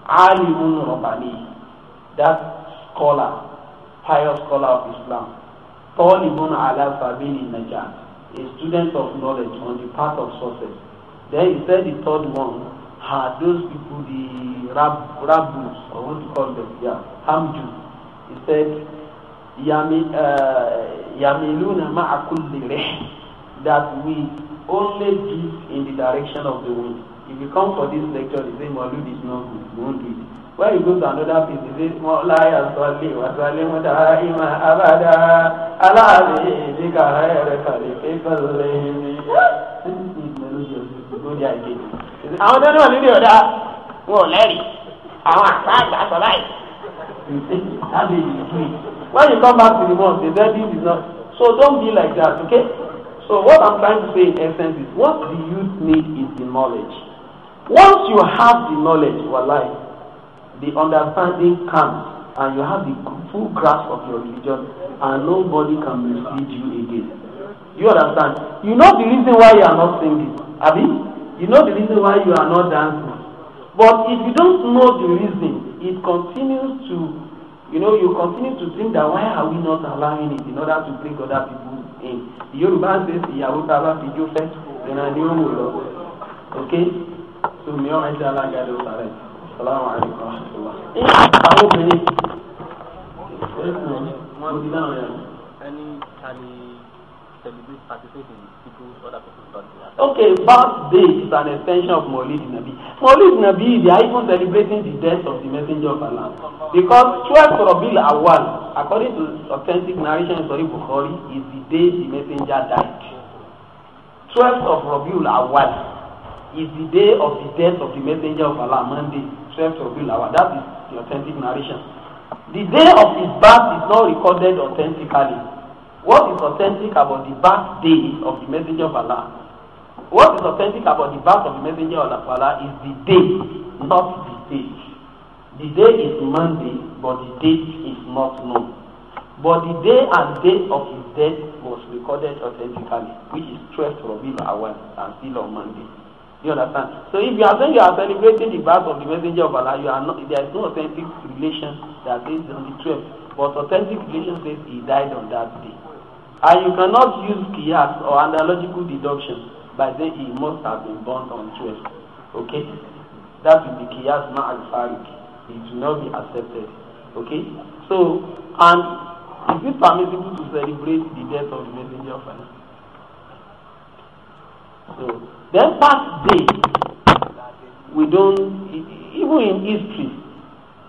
alimun rabbani that scholar pious scholar of Islam طالب على in النجاة a student of knowledge on the path of success then he said the third one had those people the rab rabbus or what to call them yeah hamju. he said uh, yamiluna ma'a kulli rih that we only give in the direction of the wind if you come for this lecture the same maulud is not good won't do it where you go to another place you say mo láyà sọlé wàsálé mo dá ìmọ̀ abada aláàbí ìdíkà ẹ̀rẹ̀ kàlẹ́ kékeré mi. àwọn tó ní wọn nílé ọ̀dà wọn ò lẹ́rìí àwọn àṣà àgbà sọ báyìí. when you come back to the mosque they say this is not so don't be like that okay. So what I'm trying to say in essence is what the youth need is the knowledge. Once you have the knowledge, you life the understanding comes and you have the full grasp of your religion and nobody can mislead you again. You understand? You know the reason why you are not singing, Abi? You know the reason why you are not dancing. But if you don't know the reason, it continues to, you know, you continue to think that why are we not allowing it in order to bring other people in? The Yoruba says, Ìyàwó Tàbá fi jó fẹ́, ìrìnàjò Okay? So, may all right, Allah guide us Assalamu alaikum warahmatullah. ẹ àwọn obìnrin wọ́n ti dáhùn is an extension of Maulid Nabi. Maulid Nabi they are even celebrating the death of the messenger of Allah because twelve Rabiul Awal, according to authentic narration in Sahih Bukhari is the day the messenger died. twelve of Rabiul Awal is the day of the death of the messenger of Allah Monday twelve to twelve Awwal. That is the authentic narration. The day of his birth is not recorded authentically. What is authentic about the birth day of the Messenger of Allah? What is authentic about the birth of the Messenger of Allah is the day, not the date. The day is Monday, but the date is not known. But the day and date of his death was recorded authentically, which is twelve to twelve Awwal and still on Monday. You understand? So if you are saying you are celebrating the birth of the messenger of Allah, you are not. There is no authentic relation that is on the twelfth, but authentic relation says he died on that day. And you cannot use qiyas or analogical deduction by saying he must have been born on twelfth. Okay? That will be qiyas not al-farik. It will not be accepted. Okay? So, and is it permissible to celebrate the death of the messenger of Allah? then past day we don't even in history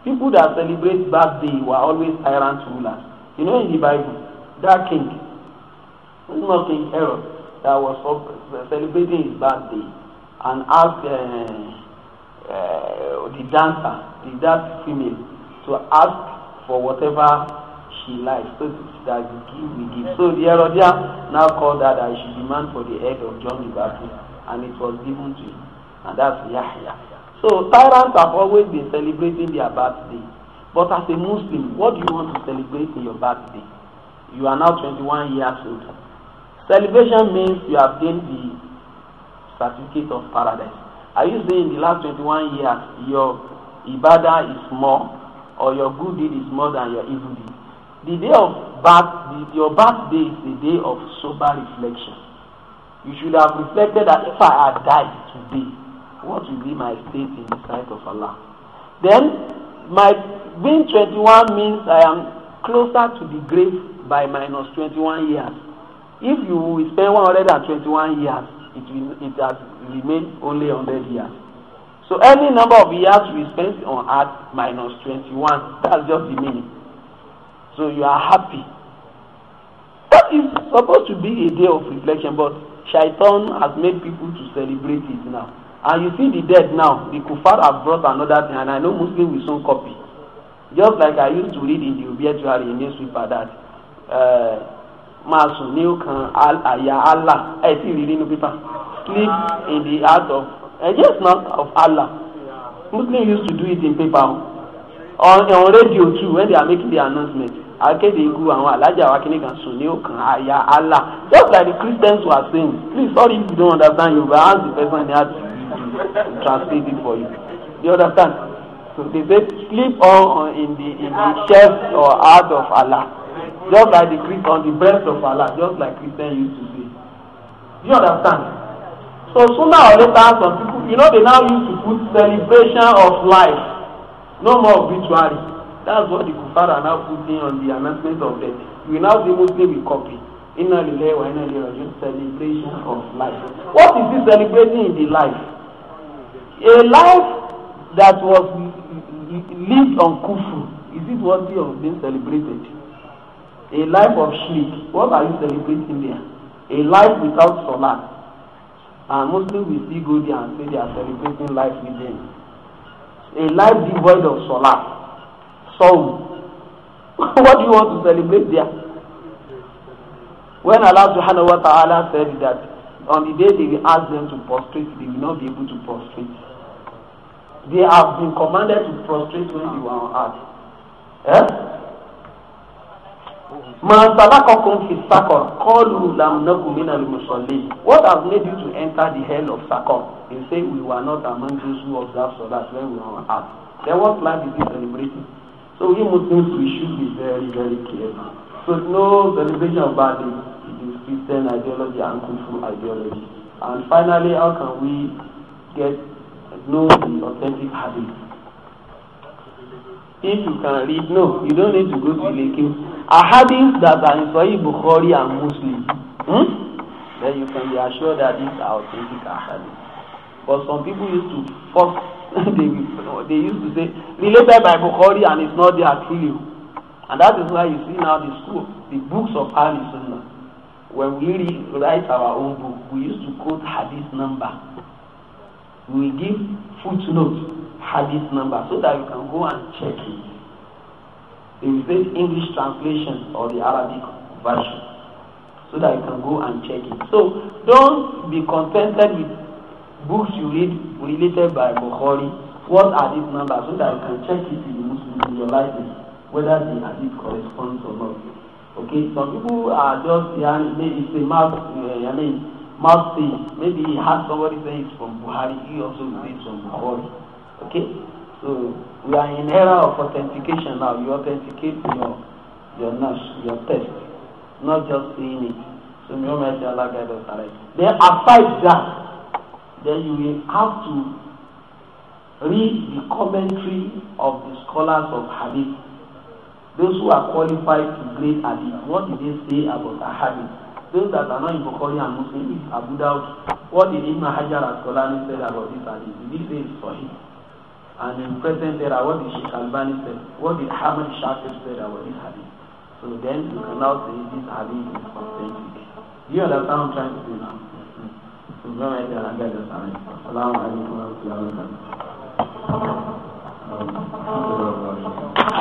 people that celebrate birthday were always tyrant rulers you know in the bible that king not king herod that was uh, celebrating his birthday and asked uh, uh, the dancer the that female to ask for whatever she lies so that we give we give so the herodian now called her that she demand for the head of John the Baptist and it was given to him and that's Yahya so tyrants have always been celebrating their birthday but as a Muslim what do you want to celebrate in your birthday you are now 21 years old celebration means you have gained the certificate of paradise are you saying the last 21 years your ibadah is more or your good deed is more than your evil deed The day of birth, the, your birthday is the day of sober reflection. You should have reflected that if I had died today, what will be my state in the sight of Allah? Then, my being 21 means I am closer to the grave by minus 21 years. If you spend 121 years, it, will, it has remained only 100 years. So any number of years we spend on earth minus 21, that's just the meaning. So you are happy. That is supposed to be a day of reflection, but Shaitan has made people to celebrate it now. And you see the dead now, the kuffar have brought another thing, and I know Muslim will soon copy. Just like I used to read in the obituary in newspaper that uh, máa sùn ní ọkàn àyà Allah I still rí nínú paper. sleep in the heart of uh, yes not of Allah Muslim used to do it in paper on on radio too when they are making the announcement akéde igu àwọn alájà wa kíní kan sùn ní òkàn àyà Allah just like the Christians were saying please sorry if you don't understand Yorùbá ask the person they there to translate it for you you understand so they say sleep on, on in the in the chest or heart of Allah just like the Christ on the breast of Allah just like Christians used to say you understand so sooner or later some people you know they now used to put celebration of life No more obituary. That's what the kuffar are now putting on the announcement of death. We now see Muslim we copy. Inna lillahi wa inna ilayhi raji'un celebration of life. What is he celebrating in the life? A life that was lived on kufu. Is it worthy of being celebrated? A life of shirk. What are you celebrating there? A life without salah. And Muslims we still go there and say they are celebrating life with them a life devoid of salah, so [LAUGHS] what do you want to celebrate there? When Allah subhanahu wa ta'ala said that on the day they will ask them to prostrate, they will not be able to prostrate. They have been commanded to prostrate when they were on earth. Eh? Man sabakakum fi sakor qalu lam nakum minal musallin. What has made you to enter the hell of Sakor? They say we were not among those who observe Salat when we were out. Then what plan is he celebrating? So we Muslims, we should be very, very careful. So no celebration of bad days. It is Christian ideology and Kufu ideology. And finally, how can we get know the authentic hadith? if you can read no you don't need to go to ileke ahadith that are in Sahih Bukhari and Muslim hmm? then you can be assured that these are authentic ahadith but some people used to fuck [LAUGHS] they they used to say related by Bukhari and it's not their truly and that is why you see now the school the books of Ahl Sunnah when we read, write our own book we used to quote hadith number we give footnote hadith number so that you can go and check it. They will English translation or the Arabic version so that you can go and check it. So don't be contented with books you read related by Bukhari. What are these numbers so that you can check it in Muslim in your library whether the hadith corresponds or not. Okay, some people are just maybe it's a mouth, uh, eh, I mean mouth thing. Maybe he has somebody saying it's from Buhari, he also says from Bukhari. Okay? So we are in era of authentication now. You authenticate your your nurse, your test, not just saying it. So may Almighty Allah guide us right. Then aside that, then you will have to read the commentary of the scholars of Hadith. Those who are qualified to grade Hadith, what did they say about the Hadith? Those that are not in Bukhari and Muslim, is Abu Dawud, what did Imam Hajar al-Asqalani say about this Hadith? Did he say it's him? And in present era, what did Sheikh Albani what did Hamad Shakir said about this hadith? So then you can now say this hadith is authentic. Do you understand what I'm trying to do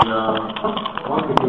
now? So